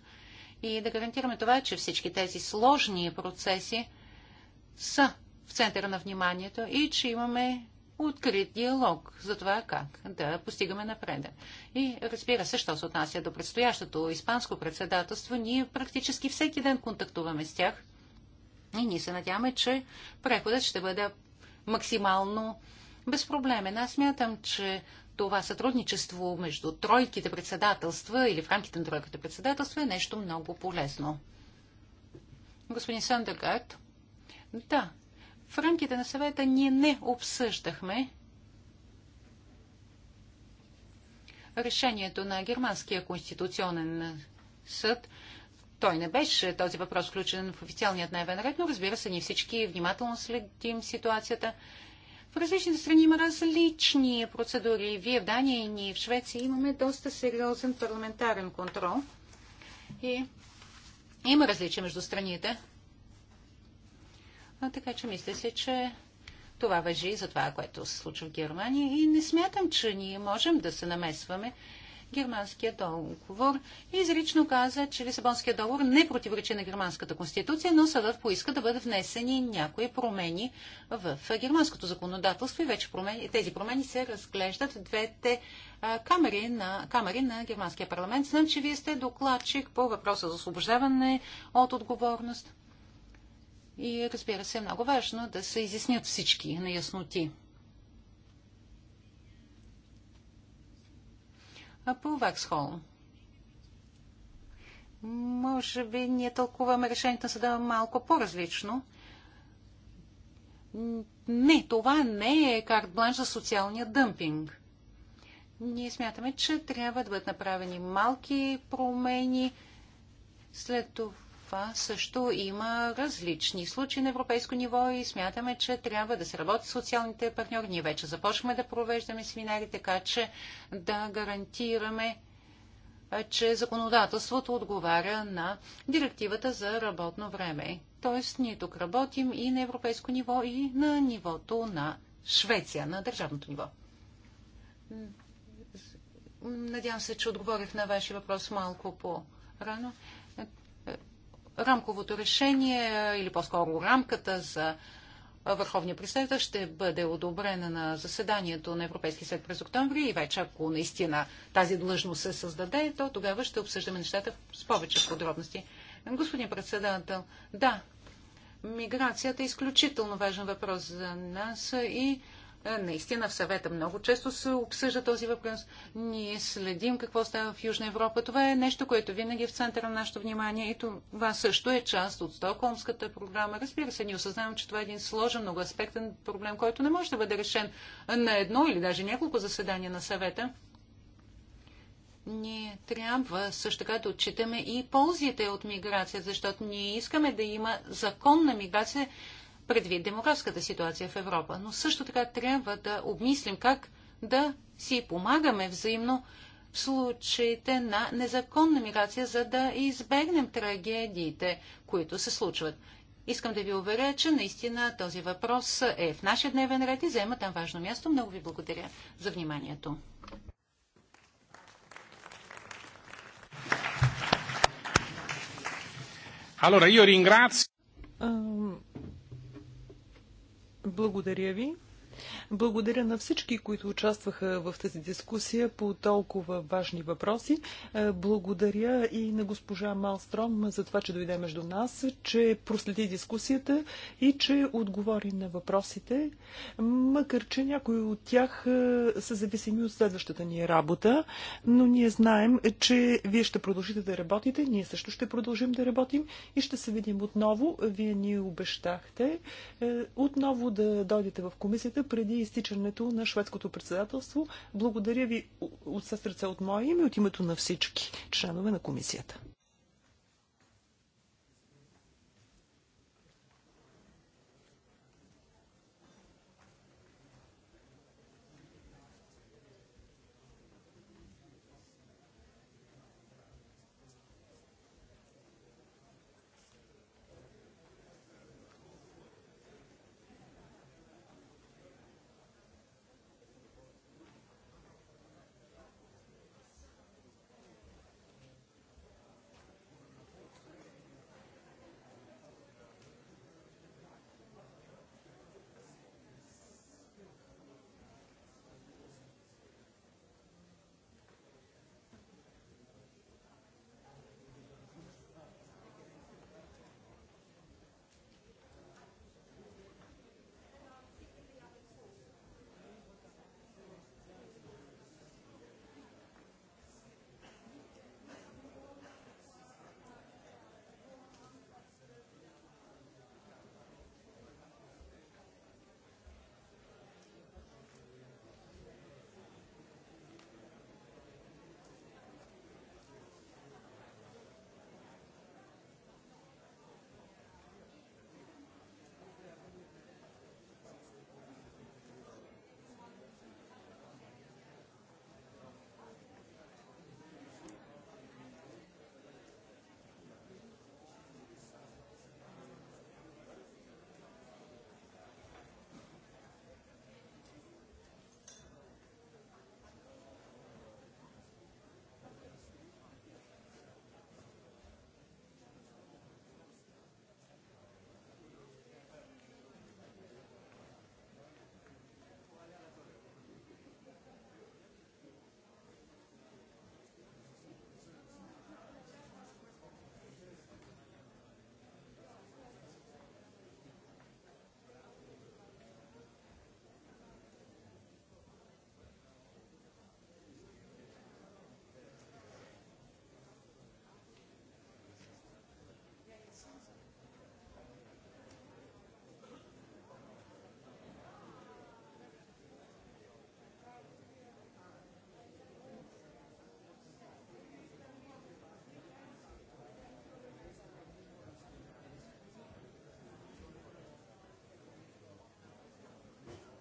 и да гарантираме това, че всички тези сложни процеси са в центъра на вниманието и че имаме открит диалог за това как да постигаме напреда. И разбира се, що се отнася до предстоящото испанско председателство, ние практически всеки ден контактуваме с тях и ние се надяваме, че преходът ще бъде максимално безпроблемен. Аз мятам, че това сътрудничество между тройките председателства или в рамките на тройките председателства е нещо много полезно. Господин Сандъргард, да, в рамките на съвета ние не обсъждахме решението на Германския конституционен съд той не беше този въпрос включен в официалния дневен ред, но разбира се, ние всички внимателно следим ситуацията. В различните страни има различни процедури. Вие в Дания и ние в Швеция имаме доста сериозен парламентарен контрол. И има различия между страните. А, така че мисля се, че това въжи за това, което се случва в Германия. И не смятам, че ние можем да се намесваме германския договор изрично каза, че Лисабонския договор не противоречи на германската конституция, но съдът поиска да бъдат внесени някои промени в германското законодателство и вече промени, тези промени се разглеждат в двете камери на, камери на германския парламент. Знам, че вие сте докладчик по въпроса за освобождаване от отговорност. И разбира се, е много важно да се изяснят всички ясноти. по Ваксхолм? Може би ние тълкуваме решението на съда малко по-различно. Не, това не е карт бланш за социалния дъмпинг. Ние смятаме, че трябва да бъдат направени малки промени. След това това също има различни случаи на европейско ниво и смятаме, че трябва да се работи с социалните партньори. Ние вече започваме да провеждаме семинари, така че да гарантираме, че законодателството отговаря на директивата за работно време. Тоест, ние тук работим и на европейско ниво, и на нивото на Швеция, на държавното ниво. Надявам се, че отговорих на вашия въпрос малко по-рано рамковото решение или по-скоро рамката за върховния представител ще бъде одобрена на заседанието на Европейския съд през октомври и вече ако наистина тази длъжност се създаде, то тогава ще обсъждаме нещата с повече подробности. Господин председател, да, миграцията е изключително важен въпрос за нас и е, наистина в съвета много често се обсъжда този въпрос. Ние следим какво става в Южна Европа. Това е нещо, което винаги е в центъра на нашето внимание и това също е част от Стокхолмската програма. Разбира се, ние осъзнаваме, че това е един сложен, многоаспектен проблем, който не може да бъде решен на едно или даже няколко заседания на съвета. Ние трябва също така да отчитаме и ползите от миграция, защото ние искаме да има законна миграция, предвид демографската ситуация в Европа. Но също така трябва да обмислим как да си помагаме взаимно в случаите на незаконна миграция, за да избегнем трагедиите, които се случват. Искам да ви уверя, че наистина този въпрос е в нашия дневен ред и заема там важно място. Много ви благодаря за вниманието. Allora, io ringrazio. Благодаря ви. Благодаря на всички, които участваха в тази дискусия по толкова важни въпроси. Е, благодаря и на госпожа Малстром за това, че дойде между нас, че проследи дискусията и че отговори на въпросите, макар че някои от тях е, са зависими от следващата ни работа, но ние знаем, че вие ще продължите да работите, ние също ще продължим да работим и ще се видим отново. Вие ни обещахте е, отново да дойдете в комисията преди изтичането на шведското председателство. Благодаря ви от сърце от мое име и от името на всички членове на комисията.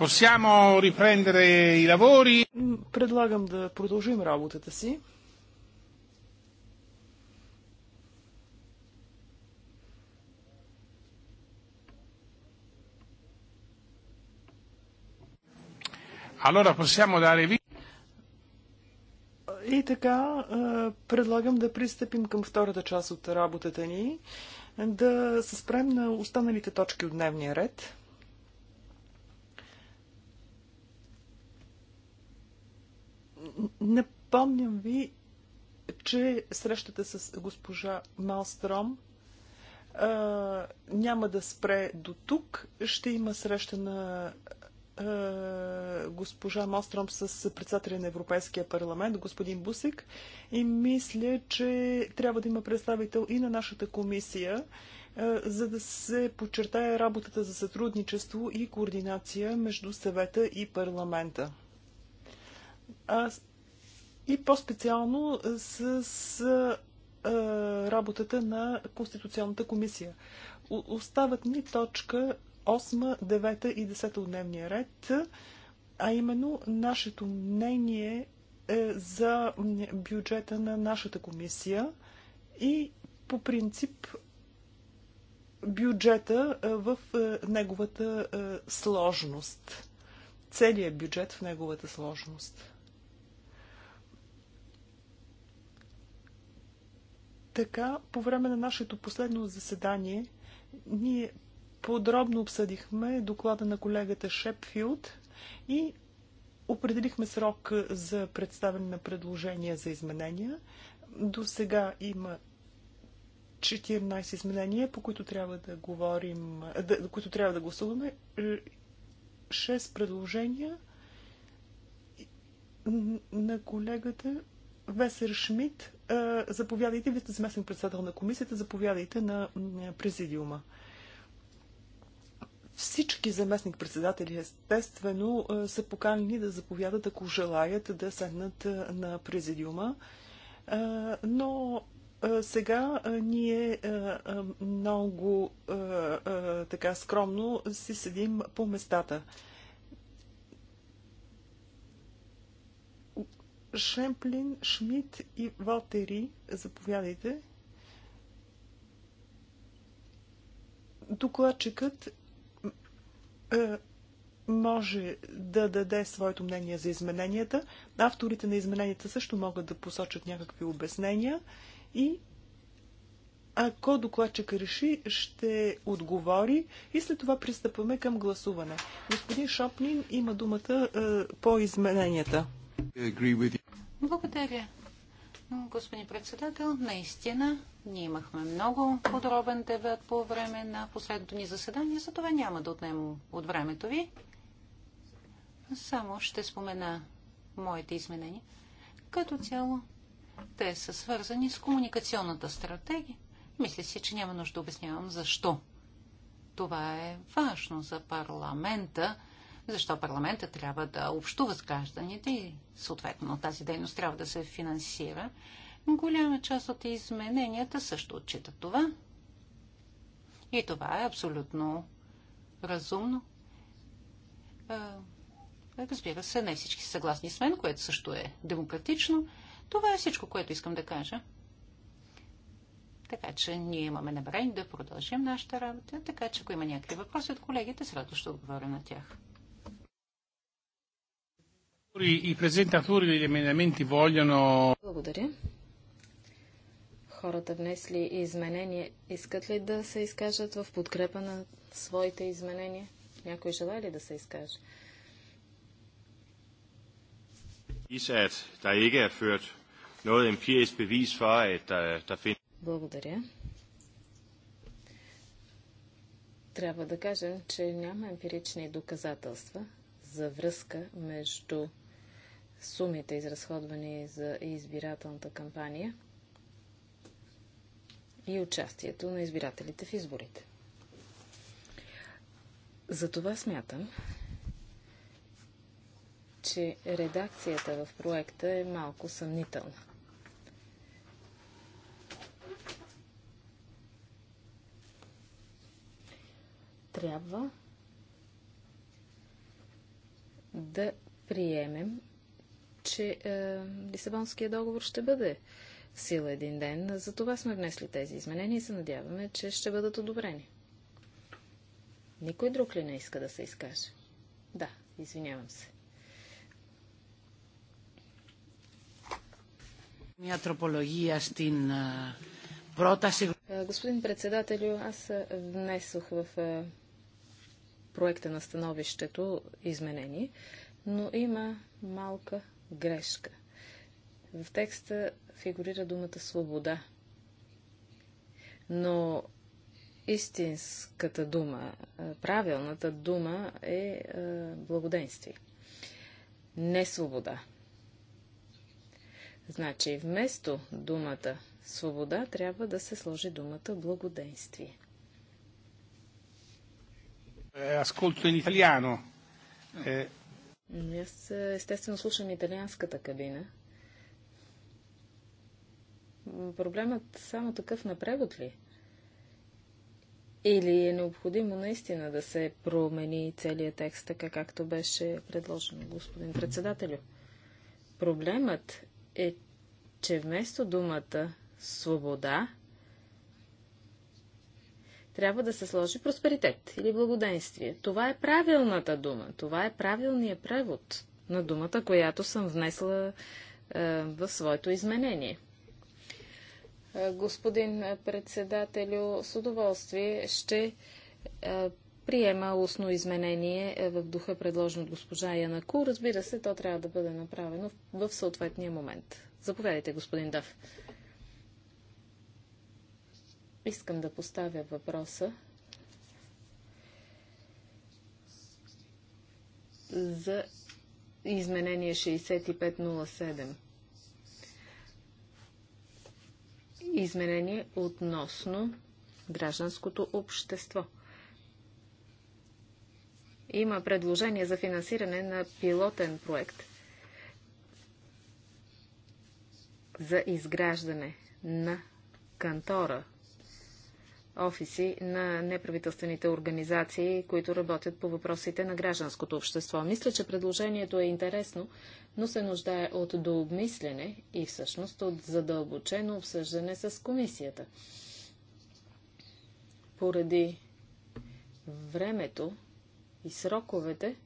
Possiamo riprendere i lavori? Предлагам да продължим работата си. Allora possiamo dare vita. И така, предлагам да пристъпим към втората част от работата ни, да се спрем на останалите точки от дневния ред. Напомням ви, че срещата с госпожа Малстром а, няма да спре до тук. Ще има среща на госпожа Малстром с председателя на Европейския парламент, господин Бусик. И мисля, че трябва да има представител и на нашата комисия, за да се подчертая работата за сътрудничество и координация между съвета и парламента. Аз и по-специално е, с, с е, а, е, работата на Конституционната комисия. О, остават ни точка 8, 9 и 10 от дневния ред, а именно нашето мнение е за бюджета на нашата комисия и по принцип бюджета в неговата сложност. Целият бюджет в неговата сложност. Така, по време на нашето последно заседание, ние подробно обсъдихме доклада на колегата Шепфилд и определихме срок за представяне на предложения за изменения. До сега има 14 изменения, по които трябва да говорим, да, които трябва да гласуваме. 6 предложения на колегата Весер Шмидт, заповядайте, вие сте заместник председател на комисията, заповядайте на президиума. Всички заместник-председатели, естествено, са поканени да заповядат, ако желаят да седнат на президиума. Но сега ние много така скромно си седим по местата. Шемплин, Шмидт и Валтери. Заповядайте. Докладчикът е, може да даде своето мнение за измененията. Авторите на измененията също могат да посочат някакви обяснения и ако докладчика реши, ще отговори и след това пристъпваме към гласуване. Господин Шопнин, има думата е, по измененията. Благодаря. Господин председател, наистина ние имахме много подробен дебат по време на последното ни заседание, за това няма да отнемам от времето ви. Само ще спомена моите изменения. Като цяло, те са свързани с комуникационната стратегия. Мисля си, че няма нужда да обяснявам защо. Това е важно за парламента защо парламента трябва да общува с гражданите и съответно тази дейност трябва да се финансира. Голяма част от измененията също отчитат това. И това е абсолютно разумно. Разбира се, не всички са съгласни с мен, което също е демократично. Това е всичко, което искам да кажа. Така че ние имаме намерение да продължим нашата работа, така че ако има някакви въпроси от колегите, с радост ще отговоря на тях. И презентатори Благодаря. Хората внесли изменения. Искат ли да се изкажат в подкрепа на своите изменения? Някой желая ли да се изкаже? Благодаря. Трябва да кажем, че няма емпирични доказателства за връзка между сумите, изразходвани за избирателната кампания и участието на избирателите в изборите. Затова смятам, че редакцията в проекта е малко съмнителна. Трябва да приемем че е, Лисабонския договор ще бъде сила един ден. За това сме внесли тези изменения и се надяваме, че ще бъдат одобрени. Никой друг ли не иска да се изкаже? Да, извинявам се. Е, е, господин председателю, аз е, внесох в проекта на становището изменение, но има малка грешка. В текста фигурира думата свобода. Но истинската дума, правилната дума е благоденствие. Не свобода. Значи вместо думата свобода трябва да се сложи думата благоденствие. Е, аз in е. Eh, аз е, естествено слушам италианската кабина. Проблемът само такъв на превод ли? Или е необходимо наистина да се промени целият текст, така както беше предложено, господин председателю? Проблемът е, че вместо думата свобода трябва да се сложи просперитет или благоденствие. Това е правилната дума, това е правилният превод на думата, която съм внесла е, в своето изменение. Е, господин председателю, с удоволствие ще е, приема устно изменение е, в духа предложен от госпожа Янаку. Разбира се, то трябва да бъде направено в, в съответния момент. Заповядайте, господин Дав. Искам да поставя въпроса за изменение 6507. Изменение относно гражданското общество. Има предложение за финансиране на пилотен проект за изграждане на кантора офиси на неправителствените организации, които работят по въпросите на гражданското общество. Мисля, че предложението е интересно, но се нуждае от дообмислене и всъщност от задълбочено обсъждане с комисията. Поради времето и сроковете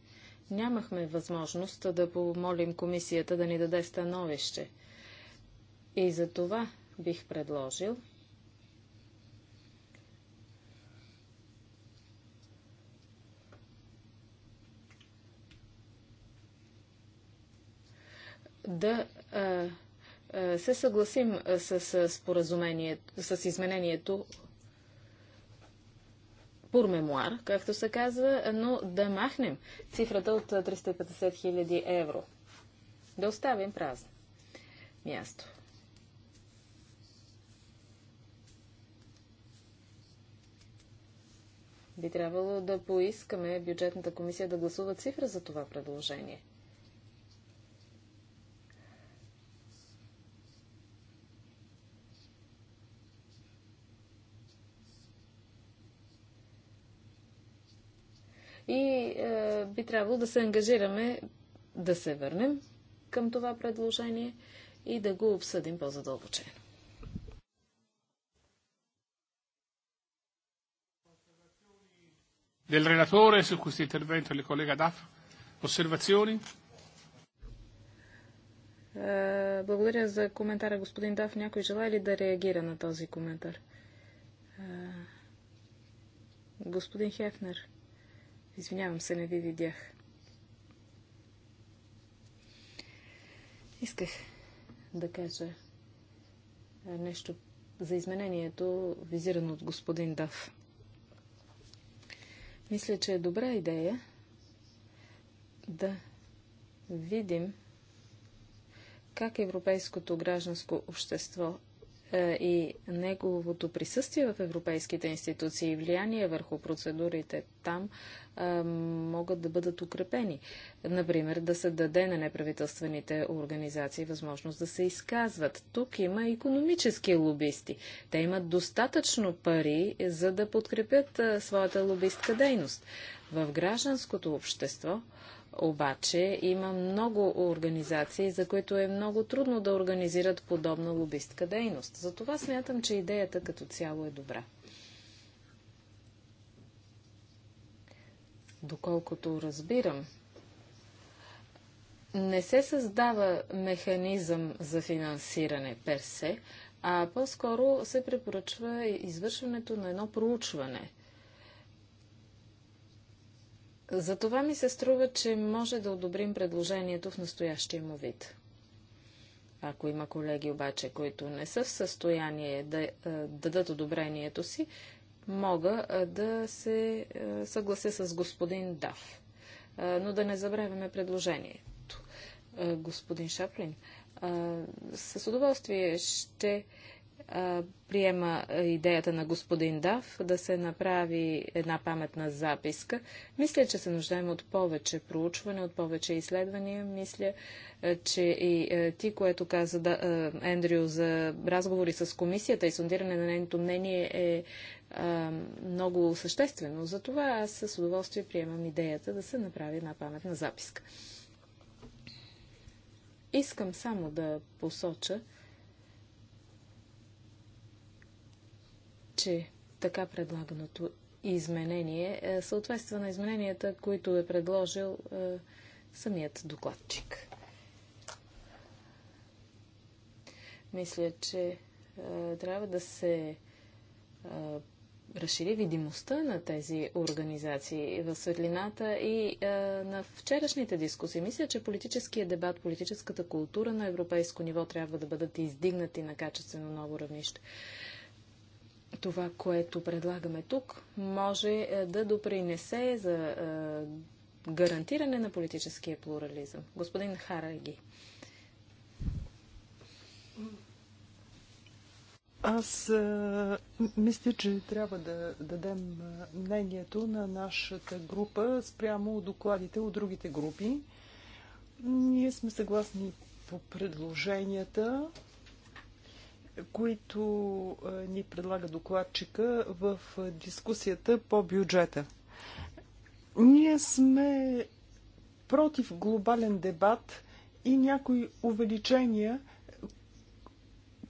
нямахме възможност да помолим комисията да ни даде становище. И за това бих предложил да се съгласим с споразумението, с изменението пур мемуар, както се казва, но да махнем цифрата от 350 000 евро. Да оставим празно място. Би трябвало да поискаме бюджетната комисия да гласува цифра за това предложение – и е, би трябвало да се ангажираме да се върнем към това предложение и да го обсъдим по-задълбочено. Дел relatore su questo intervento del collega Daff? Osservazioni? Е, благодаря за коментара, господин Дав. Някой желая ли да реагира на този коментар? Е, господин Хефнер. Извинявам се, не ви видях. Исках да кажа нещо за изменението, визирано от господин Дав. Мисля, че е добра идея да видим как европейското гражданско общество е, и неговото присъствие в европейските институции и влияние върху процедурите там е, могат да бъдат укрепени. Например, да се даде на неправителствените организации възможност да се изказват. Тук има економически лобисти. Те имат достатъчно пари, за да подкрепят е, своята лобистка дейност. В гражданското общество обаче има много организации, за които е много трудно да организират подобна лобистка дейност. Затова смятам, че идеята като цяло е добра. Доколкото разбирам, не се създава механизъм за финансиране персе, а по-скоро се препоръчва извършването на едно проучване – за това ми се струва, че може да одобрим предложението в настоящия му вид. Ако има колеги обаче, които не са в състояние да, е, да дадат одобрението си, мога е, да се е, съглася с господин Дав. Но да не забравяме предложението. Господин Шаплин, с удоволствие ще приема идеята на господин Дав да се направи една паметна записка. Мисля, че се нуждаем от повече проучване, от повече изследвания. Мисля, че и ти, което каза да, Ендрю за разговори с комисията и сондиране на нейното мнение е много съществено. Затова аз с удоволствие приемам идеята да се направи една паметна записка. Искам само да посоча, че така предлаганото изменение е, съответства на измененията, които е предложил е, самият докладчик. Мисля, че е, трябва да се разшири видимостта на тези организации в светлината и е, на вчерашните дискусии. Мисля, че политическия дебат, политическата култура на европейско ниво трябва да бъдат издигнати на качествено ново равнище това, което предлагаме тук, може е, да допринесе за е, гарантиране на политическия плурализъм. Господин Хараги. Аз а, е, мисля, че трябва да дадем мнението на нашата група спрямо докладите от другите групи. Ние сме съгласни по предложенията които ни предлага докладчика в дискусията по бюджета. Ние сме против глобален дебат и някои увеличения,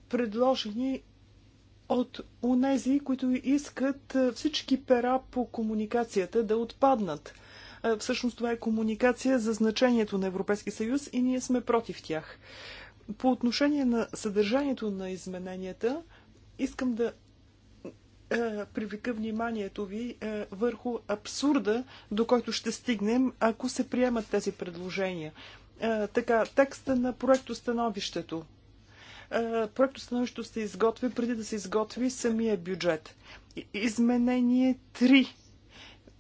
предложени от унези, които искат всички пера по комуникацията да отпаднат. Всъщност това е комуникация за значението на Европейски съюз и ние сме против тях. По отношение на съдържанието на измененията, искам да е, привлека вниманието ви е, върху абсурда, до който ще стигнем, ако се приемат тези предложения. Е, така, текста на проектостановището. Проектостановището се изготви преди да се изготви самия бюджет. Изменение 3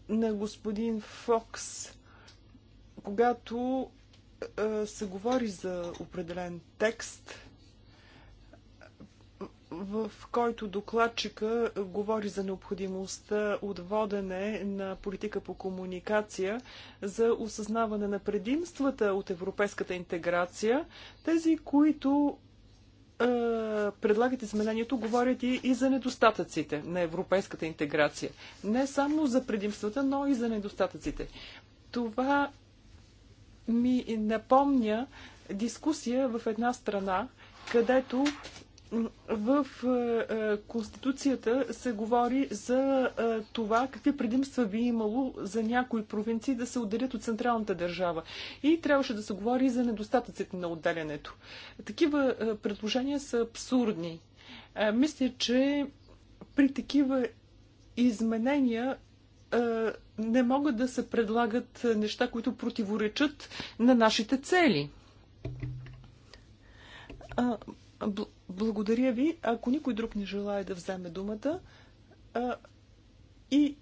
на господин Фокс, когато е, се говори за определен текст, в който докладчика говори за необходимостта от водене на политика по комуникация, за осъзнаване на предимствата от европейската интеграция, тези, които е, предлагат изменението, говорят и, и за недостатъците на европейската интеграция. Не само за предимствата, но и за недостатъците. Това ми напомня дискусия в една страна, където в е, е, Конституцията се говори за е, това какви предимства би имало за някои провинции да се отделят от централната държава. И трябваше да се говори за недостатъците на отделянето. Такива предложения са абсурдни. Мисля, че при такива изменения е, не могат да се предлагат неща, които противоречат на нашите цели. Благодаря ви. Ако никой друг не желая да вземе думата и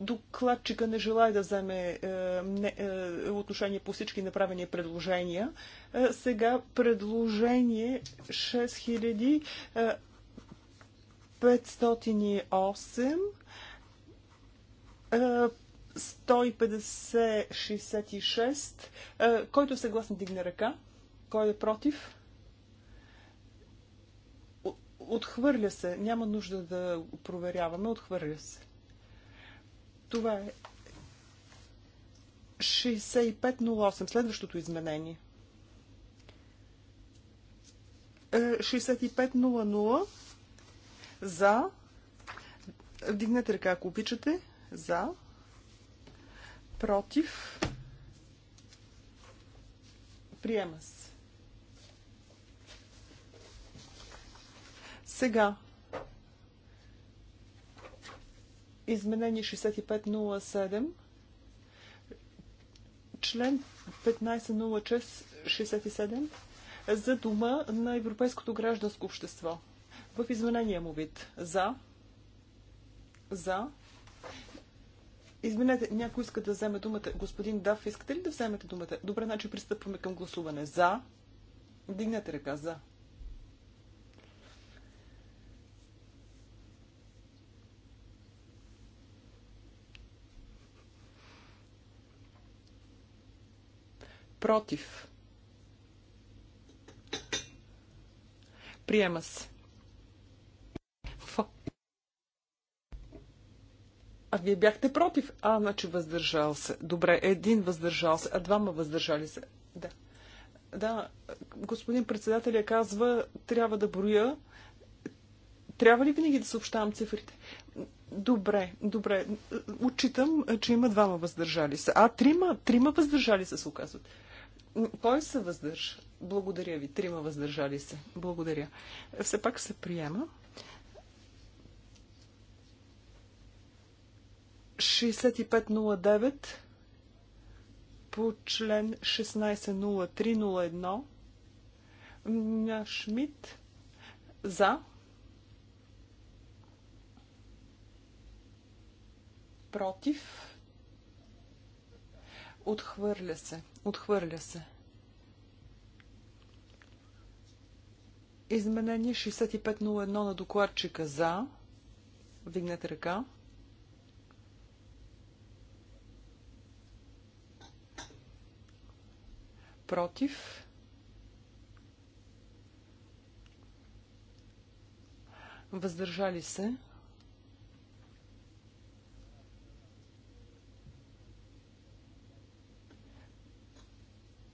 докладчика не желая да вземе е, не, е, отношение по всички направени предложения. сега предложение 6508 150-66. Е, е, който е съгласен, дигне ръка. Кой е против? Отхвърля се. Няма нужда да проверяваме. Отхвърля се. Това е 6508. Следващото изменение. 6500 е, за. Дигнете ръка, ако обичате. За. Против. Приема се. Сега. Изменение 6507. Член 1506-67 за дума на Европейското гражданско общество. В изменения му вид. За. За. Извинете, някой иска да вземе думата. Господин Дав, искате ли да вземете думата? Добре, значи пристъпваме към гласуване. За. Дигнете ръка за. Против. Приема се. А вие бяхте против. А, значи въздържал се. Добре, един въздържал се, а двама въздържали се. Да. Да, господин председателя казва, трябва да броя. Трябва ли винаги да съобщавам цифрите? Добре, добре. Отчитам, че има двама въздържали се. А, трима, трима въздържали се, се оказват. Кой се въздържа? Благодаря ви. Трима въздържали се. Благодаря. Все пак се приема. 6509 по член 160301 на Шмидт за против отхвърля се отхвърля се Изменение 6501 на докладчика за. Вдигнете ръка. против. Въздържали се.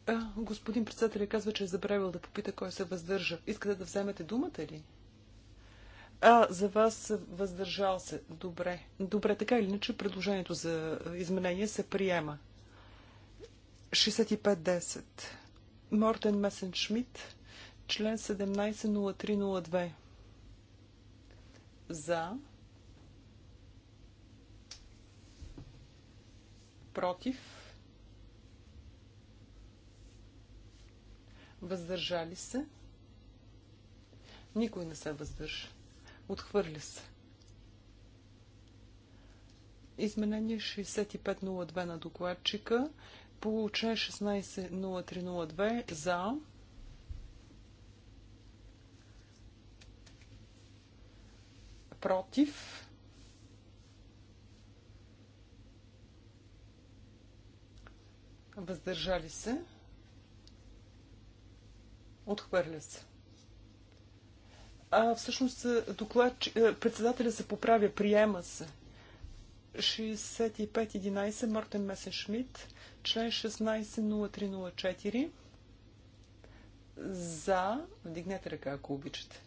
А, господин председател, казва, че е забравил да попита кой се въздържа. Искате да вземете думата ли? А, за вас въздържал се. Добре. Добре, така или иначе предложението за изменение се приема. 6510. Мортен Месеншмит, член 170302. За. Против. Въздържали се. Никой не се въздържа. Отхвърля се. Изменение 6502 на докладчика Получе 16.03.02 за. Против. Въздържали се. Отхвърля се. А всъщност доклад, председателя се поправя, приема се. 6511 месен Месешмит, член 160304. За. Вдигнете ръка, ако обичате.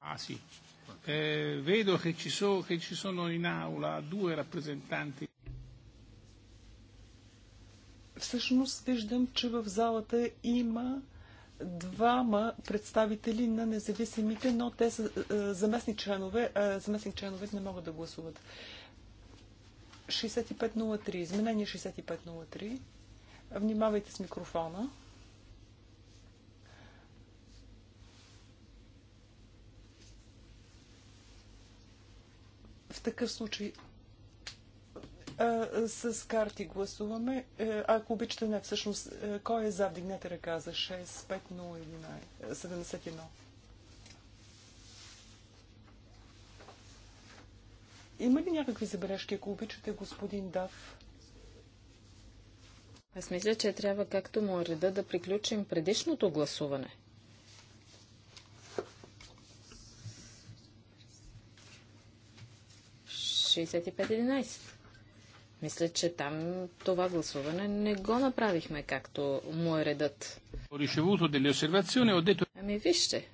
А, си. Eh, че ci sono in aula due rappresentanti. Всъщност виждам, че в залата има двама представители на независимите, но те са е, е, заместни членове, а е, заместни членове не могат да гласуват. 6503, изменение 6503. Внимавайте с микрофона. В такъв случай с карти гласуваме. Е, ако обичате, не, всъщност, е, кой е за? Вдигнете ръка за 6, 5, 0, 11, 71. Има ли някакви забележки, ако обичате, господин Дав? Аз мисля, че трябва както му е реда да приключим предишното гласуване. Шестдесет мисля, че там това гласуване не го направихме както му е редът. Ами вижте.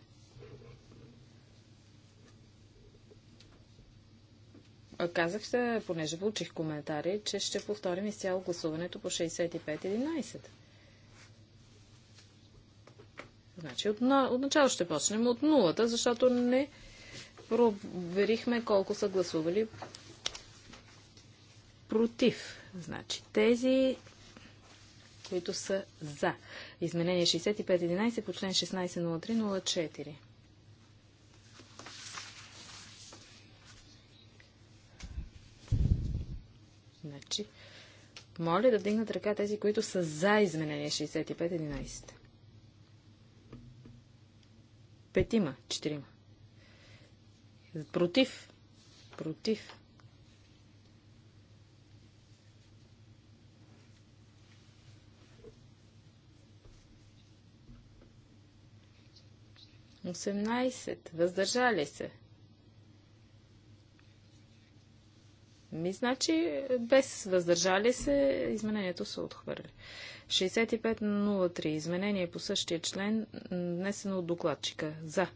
Казахте, понеже получих коментари, че ще повторим изцяло гласуването по 65-11. Значи от, от начало ще почнем от нулата, защото не проверихме колко са гласували против. Значи тези, които са за. Изменение 6511 по член 160304. Значи, моля да дигнат ръка тези, които са за изменение 6511. Петима, четирима. Против. Против. 18. Въздържали се. Ми, значи, без въздържали се, изменението се отхвърли. 65.03. Изменение по същия член, внесено от докладчика. За.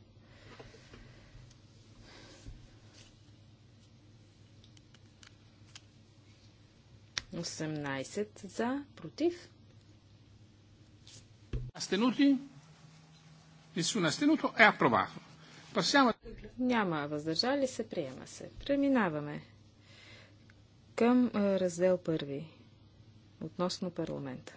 Осемнайсет за, против. Астенути. Nessuno astenuto. È approvato. Passiamo... Няма въздържали се, приема се. Преминаваме към е, раздел първи относно парламента.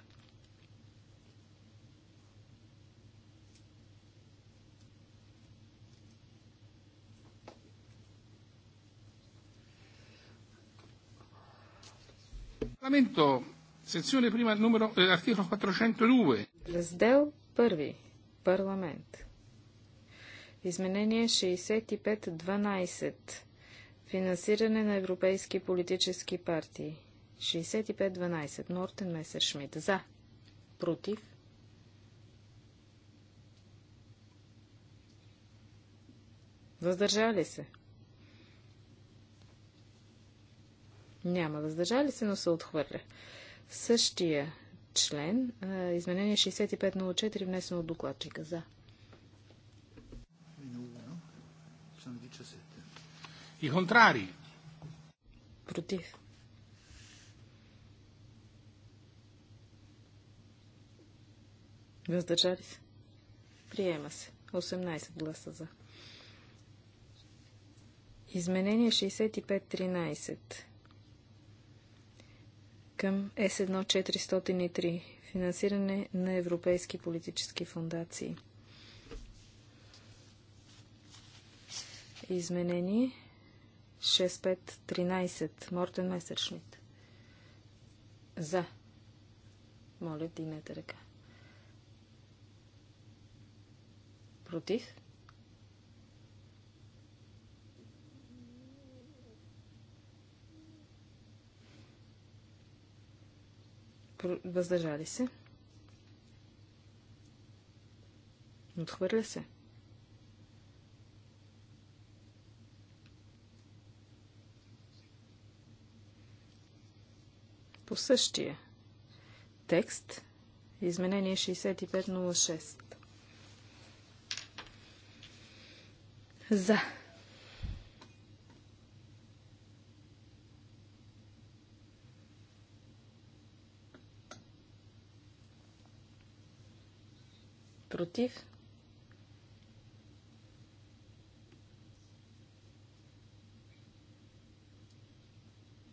Парламенто, секционе прима, артикъл 402. Раздел първи парламент. Изменение 65-12. Финансиране на европейски политически партии. 65-12. Нортен Месершмит. За. Против. Въздържали се. Няма въздържали се, но се отхвърля. Същия член. Изменение 6504, внесено от докладчика. За. И контрари. Против. Въздържали се. Приема се. 18 гласа за. Изменение 6513 към С1403 финансиране на европейски политически фундации. Изменение 6513 Мортен Месершмит. За. Моля, дигнете ръка. Против? Въздържали се. Отхвърля се. По същия текст изменение 6506. За Против?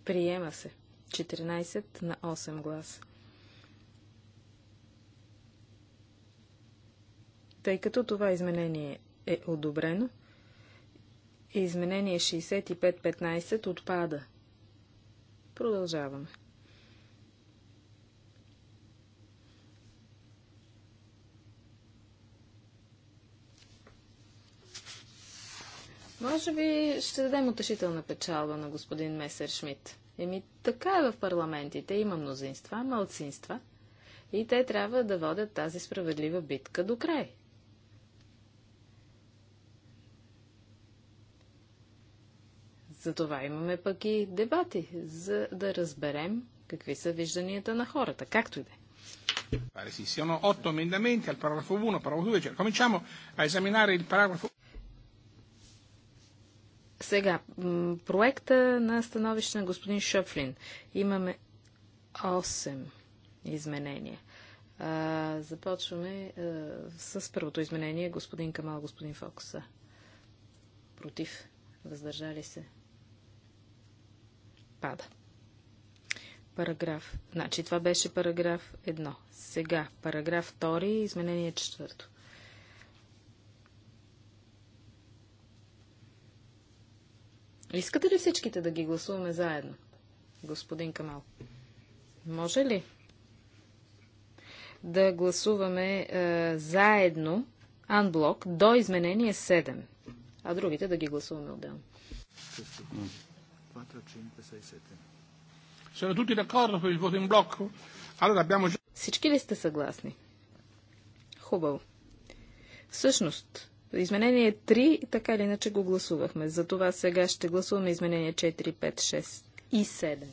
Приема се. 14 на 8 гласа. Тъй като това изменение е одобрено, изменение 65-15 отпада. Продължаваме. Може би ще дадем утешителна печалба на господин Месер Шмидт. Еми, така е в парламентите. Има мнозинства, малцинства. И те трябва да водят тази справедлива битка до край. Затова имаме пък и дебати, за да разберем какви са вижданията на хората, както и да е. Pare си, siano otto emendamenti al paragrafo 1, paragrafo 2, cioè cominciamo a esaminare il paragrafo сега, проекта на становище на господин Шофлин. Имаме 8 изменения. А, започваме а, с първото изменение. Господин Камал, господин Фокуса. Против. Въздържали се. Пада. Параграф. Значи това беше параграф 1. Сега параграф 2, изменение 4. Искате ли всичките да ги гласуваме заедно? Господин Камал. Може ли да гласуваме е, заедно анблок до изменение 7, а другите да ги гласуваме отделно? Всички ли сте съгласни? Хубаво. Всъщност, Изменение 3, така или иначе го гласувахме. Затова сега ще гласуваме изменение 4, 5, 6 и 7.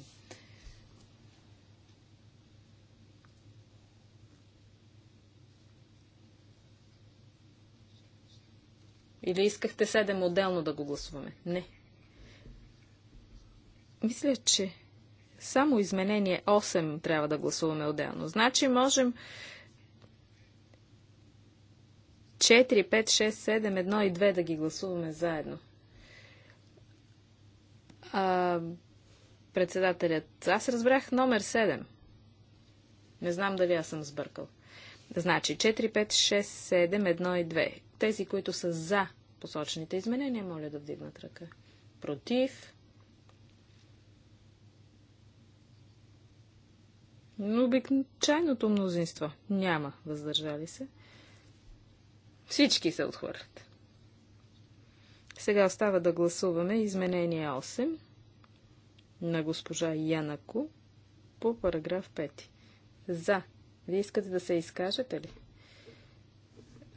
Или искахте 7 отделно да го гласуваме? Не. Мисля, че само изменение 8 трябва да гласуваме отделно. Значи можем 4, 5, 6, 7, 1 и 2 да ги гласуваме заедно. А, председателят, аз разбрах номер 7. Не знам дали аз съм сбъркал. Значи 4, 5, 6, 7, 1 и 2. Тези, които са за посочените изменения, моля да вдигнат ръка. Против. Но мнозинство няма въздържали се. Всички се отхвърлят. Сега остава да гласуваме изменение 8 на госпожа Янако по параграф 5. За. Вие искате да се изкажете ли?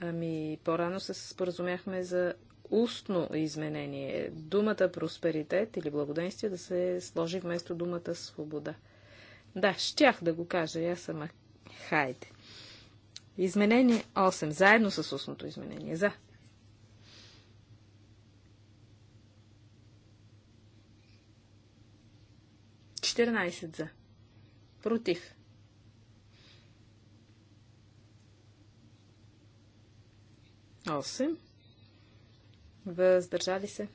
Ами, по-рано се споразумяхме за устно изменение. Думата просперитет или благоденствие да се сложи вместо думата свобода. Да, щях да го кажа, аз съм хайде. Изменение 8, заедно с устното изменение. За. Четиринайсет за. Против. Осем. Въздържали се.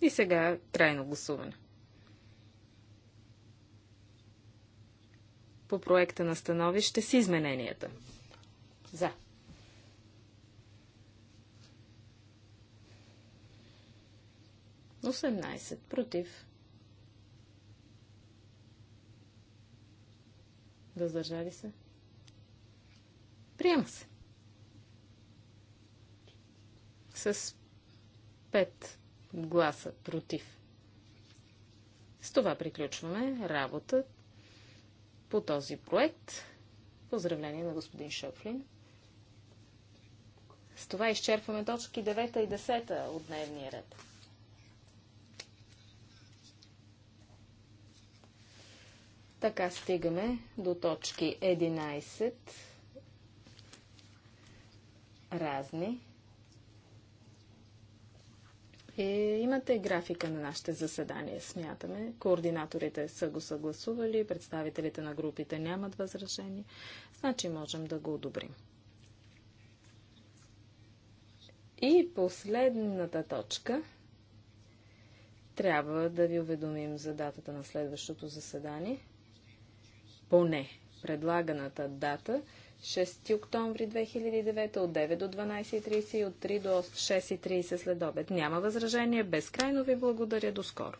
И сега крайно гласуване. по проекта на становище с измененията. За. Осемнайсет. Против. Въздържали се. Приема се. С пет гласа против. С това приключваме работата по този проект. Поздравление на господин Шофлин. С това изчерпваме точки 9 и 10 от дневния ред. Така стигаме до точки 11 разни. Е, имате графика на нашите заседания, смятаме. Координаторите са го съгласували, представителите на групите нямат възражение. Значи можем да го одобрим. И последната точка. Трябва да ви уведомим за датата на следващото заседание. Поне предлаганата дата 6 октомври 2009 от 9 до 12.30 и от 3 до 6.30 след обед. Няма възражение. Безкрайно ви благодаря. До скоро.